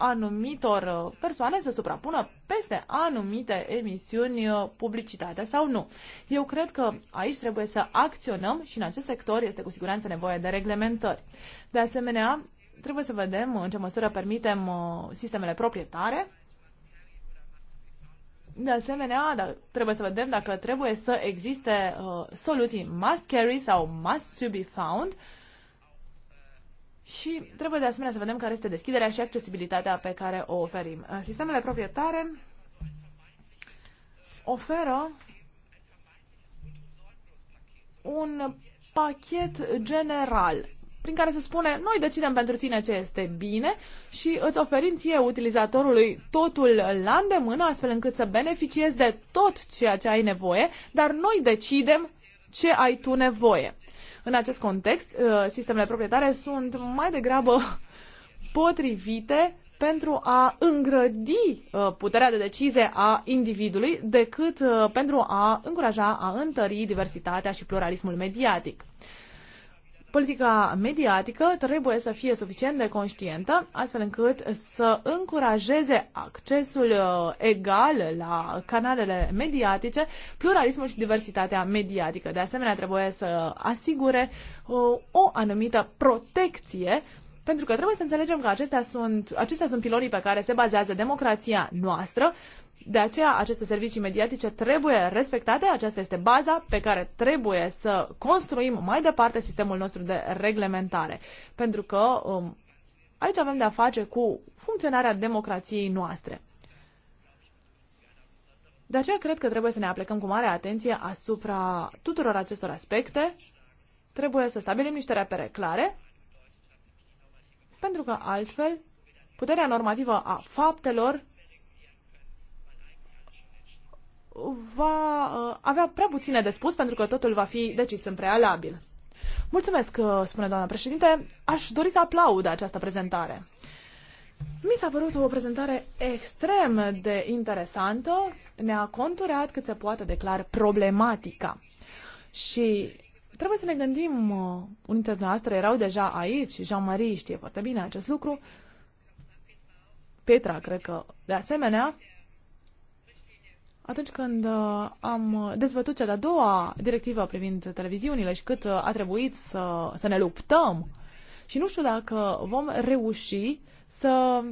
anumitor uh, persoane să suprapună peste anumite emisiuni uh, publicitate sau nu. Eu cred că aici trebuie să acționăm și în acest sector este cu siguranță nevoie de reglementări. De asemenea, trebuie să vedem în ce măsură permitem uh, sistemele proprietare. De asemenea, da, trebuie să vedem dacă trebuie să existe soluții must carry sau must to be found și trebuie de asemenea să vedem care este deschiderea și accesibilitatea pe care o oferim. Sistemele proprietare oferă un pachet general prin care se spune noi decidem pentru tine ce este bine și îți oferim ție utilizatorului totul la îndemână astfel încât să beneficiezi de tot ceea ce ai nevoie, dar noi decidem ce ai tu nevoie. În acest context, uh, sistemele proprietare sunt mai degrabă potrivite pentru a îngrădi uh, puterea de decizie a individului decât uh, pentru a încuraja, a întări diversitatea și pluralismul mediatic. Politica mediatică trebuie să fie suficient de conștientă, astfel încât să încurajeze accesul uh, egal la canalele mediatice, pluralismul și diversitatea mediatică. De asemenea, trebuie să asigure uh, o anumită protecție pentru că trebuie să înțelegem că acestea sunt, acestea sunt pilonii pe care se bazează democrația noastră, de aceea aceste servicii mediatice trebuie respectate, aceasta este baza pe care trebuie să construim mai departe sistemul nostru de reglementare. Pentru că um, aici avem de-a face cu funcționarea democrației noastre. De aceea cred că trebuie să ne aplicăm cu mare atenție asupra tuturor acestor aspecte. Trebuie să stabilim niște repere clare pentru că altfel puterea normativă a faptelor va uh, avea prea puține de spus pentru că totul va fi decis în prealabil. Mulțumesc, uh, spune doamna președinte. Aș dori să aplaud această prezentare. Mi s-a părut o prezentare extrem de interesantă, ne-a conturat cât se poate declar problematica și Trebuie să ne gândim, uh, unii dintre noastre erau deja aici, Jean-Marie știe foarte bine acest lucru, Petra, cred că, de asemenea, atunci când uh, am dezvătut cea de-a doua directivă privind televiziunile și cât uh, a trebuit să, să ne luptăm și nu știu dacă vom reuși să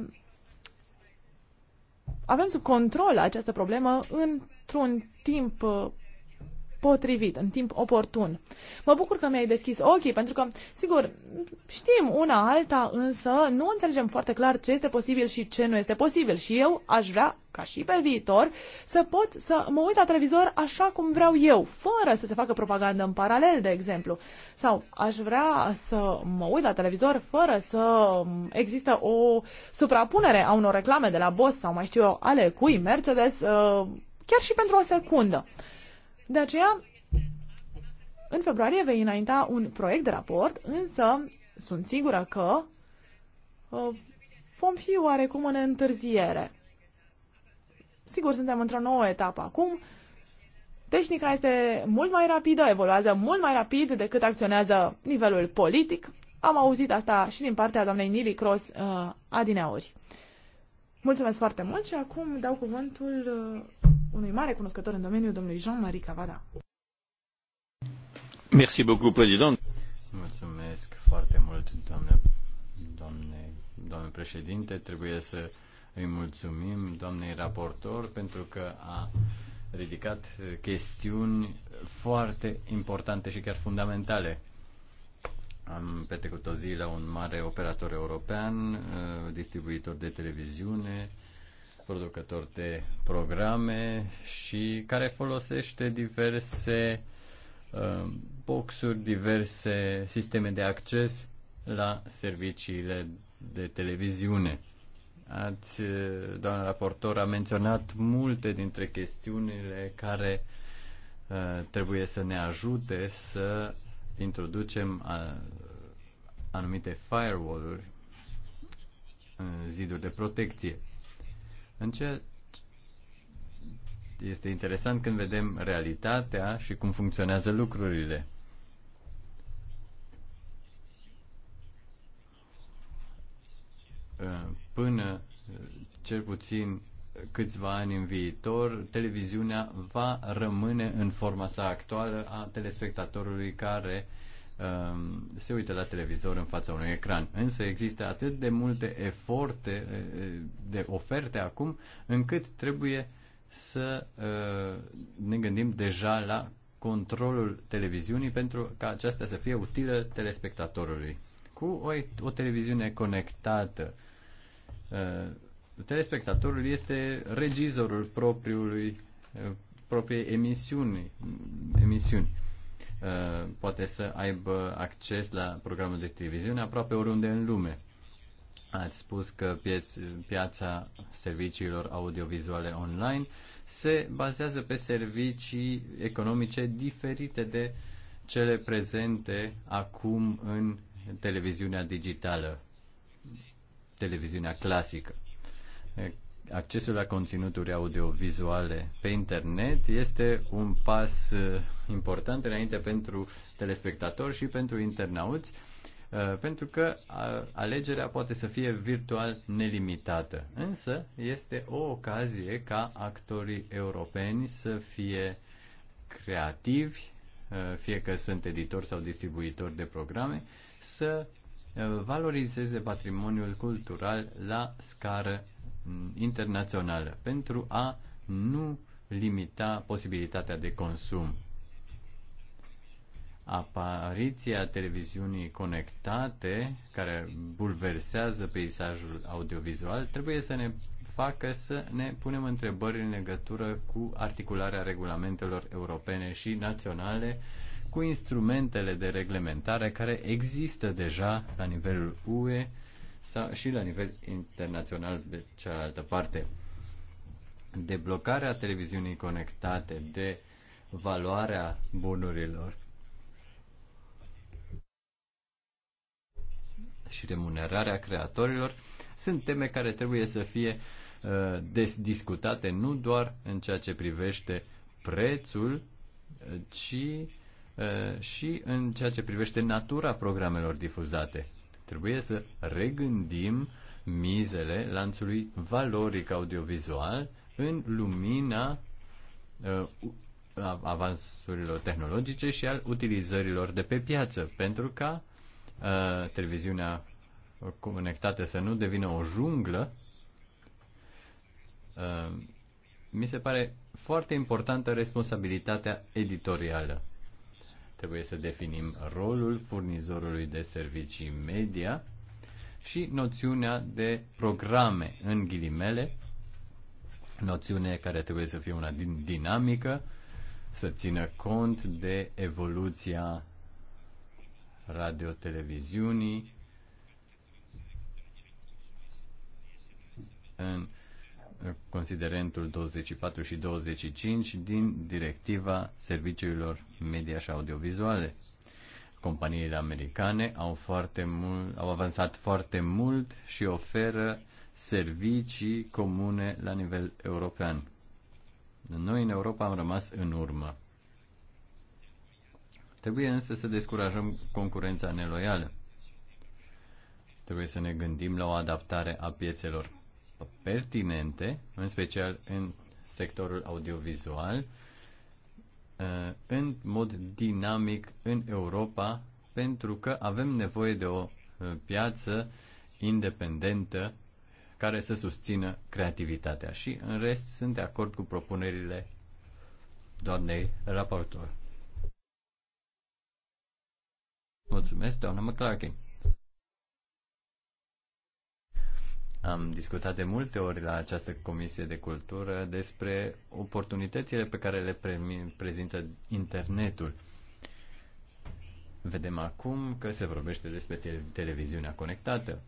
avem sub control această problemă într-un timp uh, potrivit, în timp oportun. Mă bucur că mi-ai deschis ochii, pentru că, sigur, știm una alta, însă nu înțelegem foarte clar ce este posibil și ce nu este posibil. Și eu aș vrea, ca și pe viitor, să pot să mă uit la televizor așa cum vreau eu, fără să se facă propagandă în paralel, de exemplu. Sau aș vrea să mă uit la televizor fără să există o suprapunere a unor reclame de la Boss sau mai știu eu ale cui Mercedes, uh, chiar și pentru o secundă. De aceea, în februarie vei înainta un proiect de raport, însă sunt sigură că uh, vom fi oarecum în întârziere. Sigur, suntem într-o nouă etapă acum. Tehnica este mult mai rapidă, evoluează mult mai rapid decât acționează nivelul politic. Am auzit asta și din partea doamnei Nili Cross uh, adineauri. Mulțumesc foarte mult și acum dau cuvântul uh, unui mare cunoscător în domeniu, domnului Jean-Marie Cavada. Merci beaucoup, président. Mulțumesc foarte mult, doamne, doamne, doamne președinte. Trebuie să îi mulțumim doamnei raportor pentru că a ridicat chestiuni foarte importante și chiar fundamentale am petrecut o zi la un mare operator european, uh, distribuitor de televiziune, producător de programe și care folosește diverse uh, boxuri, diverse sisteme de acces la serviciile de televiziune. Ați, uh, doamna raportor, a menționat multe dintre chestiunile care trebuie să ne ajute să introducem anumite firewall-uri, ziduri de protecție. În ce este interesant când vedem realitatea și cum funcționează lucrurile. Până cel puțin câțiva ani în viitor, televiziunea va rămâne în forma sa actuală a telespectatorului care um, se uită la televizor în fața unui ecran. Însă există atât de multe eforte, de oferte acum, încât trebuie să uh, ne gândim deja la controlul televiziunii pentru ca aceasta să fie utilă telespectatorului. Cu o, o televiziune conectată, uh, telespectatorul este regizorul propriului, eh, propriei emisiuni. emisiuni. Eh, poate să aibă acces la programul de televiziune aproape oriunde în lume. Ați spus că piața serviciilor audiovizuale online se bazează pe servicii economice diferite de cele prezente acum în televiziunea digitală, televiziunea clasică accesul la conținuturi audiovizuale pe internet este un pas uh, important înainte pentru telespectatori și pentru internauți, uh, pentru că alegerea poate să fie virtual nelimitată. Însă este o ocazie ca actorii europeni să fie creativi, uh, fie că sunt editori sau distribuitori de programe, să valorizeze patrimoniul cultural la scară Mm, internațională pentru a nu limita posibilitatea de consum. Apariția televiziunii conectate, care bulversează peisajul audiovizual, trebuie să ne facă să ne punem întrebări în legătură cu articularea regulamentelor europene și naționale cu instrumentele de reglementare care există deja la nivelul UE sau și la nivel internațional de cealaltă parte. Deblocarea televiziunii conectate de valoarea bunurilor și remunerarea creatorilor sunt teme care trebuie să fie uh, discutate nu doar în ceea ce privește prețul, uh, ci uh, și în ceea ce privește natura programelor difuzate. Trebuie să regândim mizele lanțului valoric audiovizual în lumina uh, avansurilor tehnologice și al utilizărilor de pe piață, pentru ca uh, televiziunea conectată să nu devină o junglă, uh, mi se pare foarte importantă responsabilitatea editorială. Trebuie să definim rolul furnizorului de servicii media și noțiunea de programe în ghilimele, noțiune care trebuie să fie una din dinamică, să țină cont de evoluția radioteleviziunii în considerentul 24 și 25 din Directiva Serviciilor Media și Audiovizuale. Companiile americane au, foarte mult, au avansat foarte mult și oferă servicii comune la nivel european. Noi în Europa am rămas în urmă. Trebuie însă să descurajăm concurența neloială. Trebuie să ne gândim la o adaptare a piețelor pertinente, în special în sectorul audiovizual, în mod dinamic în Europa, pentru că avem nevoie de o uh, piață independentă care să susțină creativitatea. Și în rest sunt de acord cu propunerile doamnei raportor. Mulțumesc, doamna McClarkin. Am discutat de multe ori la această comisie de cultură despre oportunitățile pe care le pre- prezintă internetul. Vedem acum că se vorbește despre televiziunea conectată.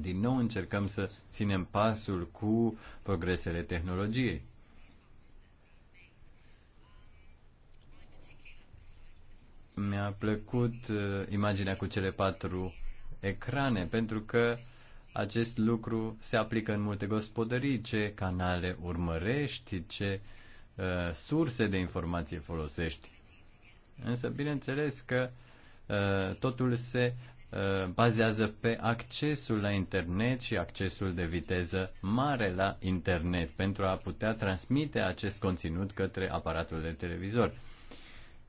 Din nou încercăm să ținem pasul cu progresele tehnologiei. Mi-a plăcut uh, imaginea cu cele patru ecrane pentru că uh, acest lucru se aplică în multe gospodării, ce canale urmărești, ce uh, surse de informație folosești. Însă, bineînțeles că uh, totul se uh, bazează pe accesul la internet și accesul de viteză mare la internet pentru a putea transmite acest conținut către aparatul de televizor.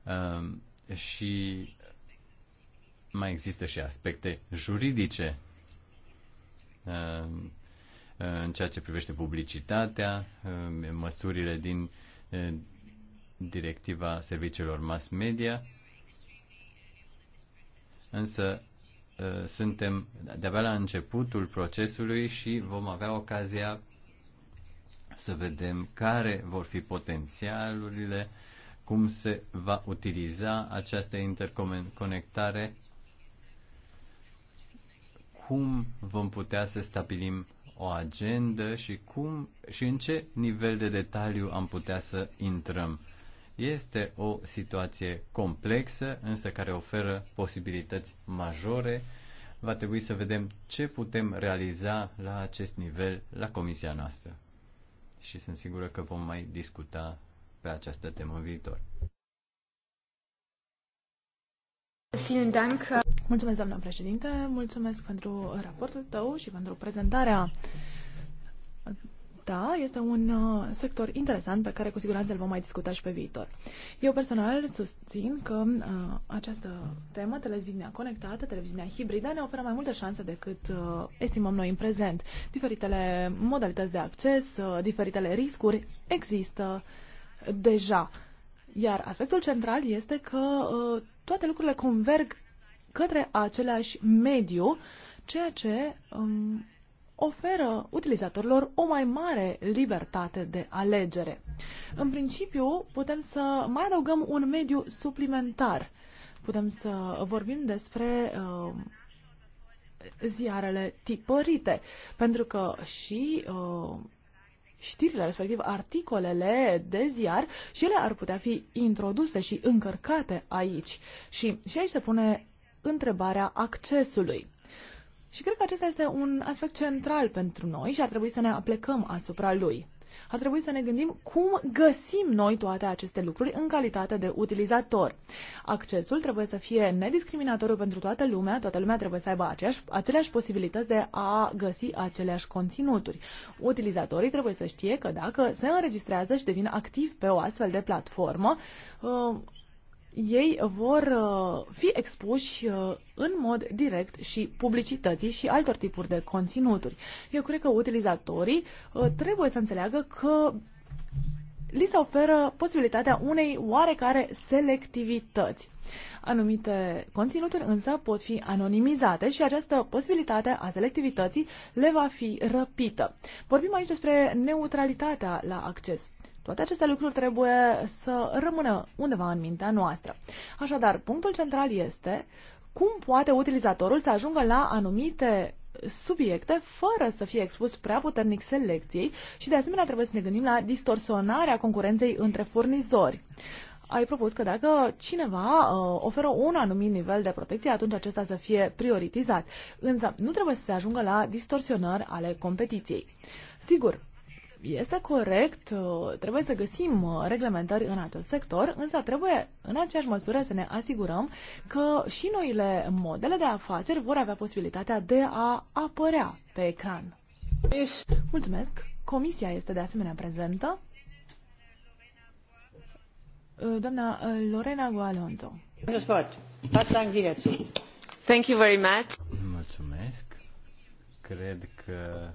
Uh, și mai există și aspecte juridice în ceea ce privește publicitatea, eh, măsurile din eh, directiva serviciilor mass media, însă eh, suntem de-abia la începutul procesului și vom avea ocazia să vedem care vor fi potențialurile, cum se va utiliza această interconectare cum vom putea să stabilim o agendă și cum și în ce nivel de detaliu am putea să intrăm. Este o situație complexă, însă care oferă posibilități majore. Va trebui să vedem ce putem realiza la acest nivel la comisia noastră. Și sunt sigură că vom mai discuta pe această temă în viitor. Mulțumesc, doamna președinte, mulțumesc pentru raportul tău și pentru prezentarea da, este un uh, sector interesant pe care cu siguranță îl vom mai discuta și pe viitor. Eu personal susțin că uh, această temă, televiziunea conectată, televiziunea hibridă, ne oferă mai multe șanse decât uh, estimăm noi în prezent. Diferitele modalități de acces, uh, diferitele riscuri există deja. Iar aspectul central este că uh, toate lucrurile converg către același mediu, ceea ce um, oferă utilizatorilor o mai mare libertate de alegere. În principiu, putem să mai adăugăm un mediu suplimentar. Putem să vorbim despre uh, ziarele tipărite, pentru că și uh, știrile, respectiv articolele de ziar și ele ar putea fi introduse și încărcate aici. Și, și aici se pune întrebarea accesului. Și cred că acesta este un aspect central pentru noi și ar trebui să ne aplecăm asupra lui. Ar trebui să ne gândim cum găsim noi toate aceste lucruri în calitate de utilizator. Accesul trebuie să fie nediscriminatoriu pentru toată lumea, toată lumea trebuie să aibă aceeași, aceleași posibilități de a găsi aceleași conținuturi. Utilizatorii trebuie să știe că dacă se înregistrează și devin activ pe o astfel de platformă, uh, ei vor uh, fi expuși uh, în mod direct și publicității și altor tipuri de conținuturi. Eu cred că utilizatorii uh, trebuie să înțeleagă că li se oferă posibilitatea unei oarecare selectivități. Anumite conținuturi însă pot fi anonimizate și această posibilitate a selectivității le va fi răpită. Vorbim aici despre neutralitatea la acces. Toate aceste lucruri trebuie să rămână undeva în mintea noastră. Așadar, punctul central este cum poate utilizatorul să ajungă la anumite subiecte fără să fie expus prea puternic selecției și de asemenea trebuie să ne gândim la distorsionarea concurenței între furnizori. Ai propus că dacă cineva uh, oferă un anumit nivel de protecție, atunci acesta să fie prioritizat. Însă nu trebuie să se ajungă la distorsionări ale competiției. Sigur, este corect, uh, trebuie să găsim uh, reglementări în acest sector, însă trebuie în aceeași măsură să ne asigurăm că și noile modele de afaceri vor avea posibilitatea de a apărea pe ecran. Mulțumesc! Comisia este de asemenea prezentă. Uh, doamna Lorena Gualonzo. Thank you very much. Mulțumesc! Cred că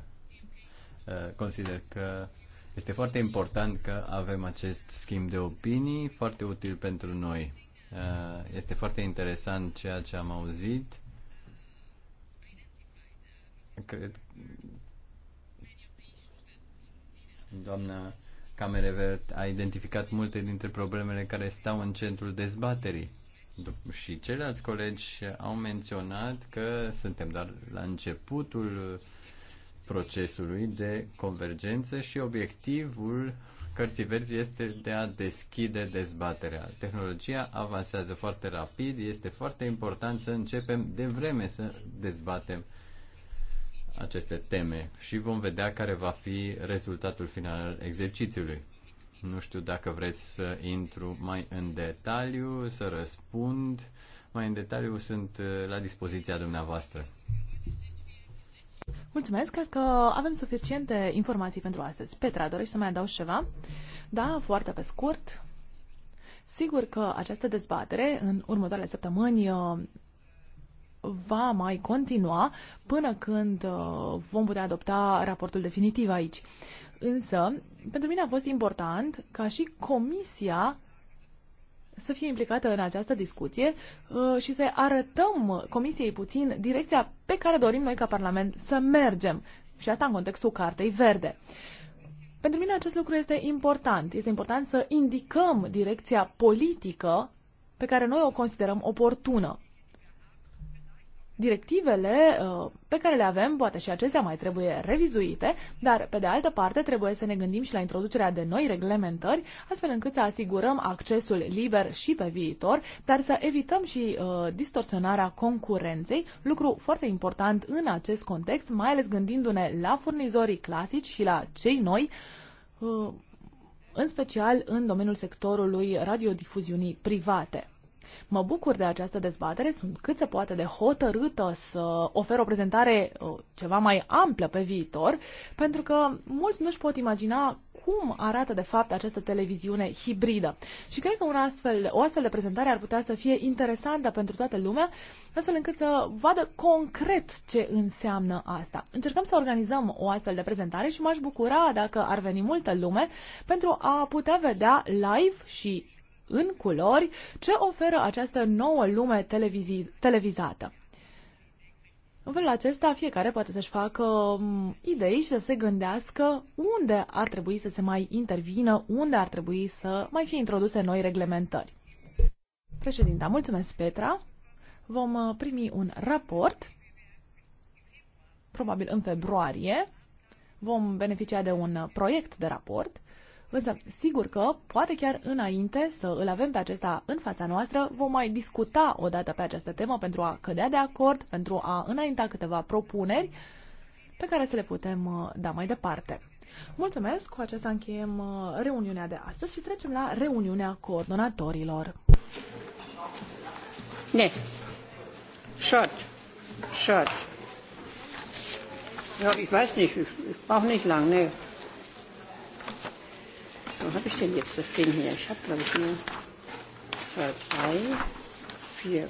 Eh, consider că este foarte important că avem acest schimb de opinii, foarte util pentru noi. Eh, este foarte interesant ceea ce am auzit. Cred, doamna Camerevert a identificat multe dintre problemele care stau în centrul dezbaterii. Și ceilalți colegi au menționat că suntem doar la începutul uh, procesului de convergență și obiectivul cărții verzi este de a deschide dezbaterea. Tehnologia avansează foarte rapid, este foarte important să începem de vreme să dezbatem aceste teme și vom vedea care va fi rezultatul final al exercițiului. Nu știu dacă vreți să intru mai în detaliu, să răspund. Mai în detaliu sunt uh, la dispoziția dumneavoastră. Mulțumesc, cred că avem suficiente informații pentru astăzi. Petra, dorești să mai adaug ceva? Da, foarte pe scurt. Sigur că această dezbatere în următoarele săptămâni uh, va mai continua până când uh, vom putea adopta raportul definitiv aici. Însă, pentru mine a fost important ca și comisia să fie implicată în această discuție uh, și să arătăm Comisiei puțin direcția pe care dorim noi ca Parlament să mergem. Și asta în contextul Cartei Verde. Pentru mine acest lucru este important. Este important să indicăm direcția politică pe care noi o considerăm oportună directivele uh, pe care le avem, poate și acestea mai trebuie revizuite, dar pe de altă parte trebuie să ne gândim și la introducerea de noi reglementări, astfel încât să asigurăm accesul liber și pe viitor, dar să evităm și uh, distorsionarea concurenței, lucru foarte important în acest context, mai ales gândindu-ne la furnizorii clasici și la cei noi, uh, în special în domeniul sectorului radiodifuziunii private. Mă bucur de această dezbatere, sunt cât se poate de hotărâtă să ofer o prezentare uh, ceva mai amplă pe viitor, pentru că mulți nu-și pot imagina cum arată de fapt această televiziune hibridă. Și cred că un astfel, o astfel de prezentare ar putea să fie interesantă pentru toată lumea, astfel încât să vadă concret ce înseamnă asta. Încercăm să organizăm o astfel de prezentare și m-aș bucura dacă ar veni multă lume pentru a putea vedea live și în culori ce oferă această nouă lume televizată. În felul acesta, fiecare poate să-și facă mm, idei și să se gândească unde ar trebui să se mai intervină, unde ar trebui să mai fie introduse noi reglementări. Președinta, mulțumesc, Petra. Vom uh, primi un raport, probabil în februarie. Vom beneficia de un uh, proiect de raport Însă, sigur că, poate chiar înainte să îl avem pe acesta în fața noastră, vom mai discuta o dată pe această temă pentru a cădea de acord, pentru a înainta câteva propuneri pe care să le putem uh, da mai departe. Mulțumesc, cu acesta încheiem uh, reuniunea de astăzi și trecem la reuniunea coordonatorilor. Ne. Short. Short. Ja, ich weiß nicht, ich, ich brauche nicht lang, ne. So, habe ich denn jetzt das Ding hier? Ich habe, glaube ich, nur zwei, drei, vier.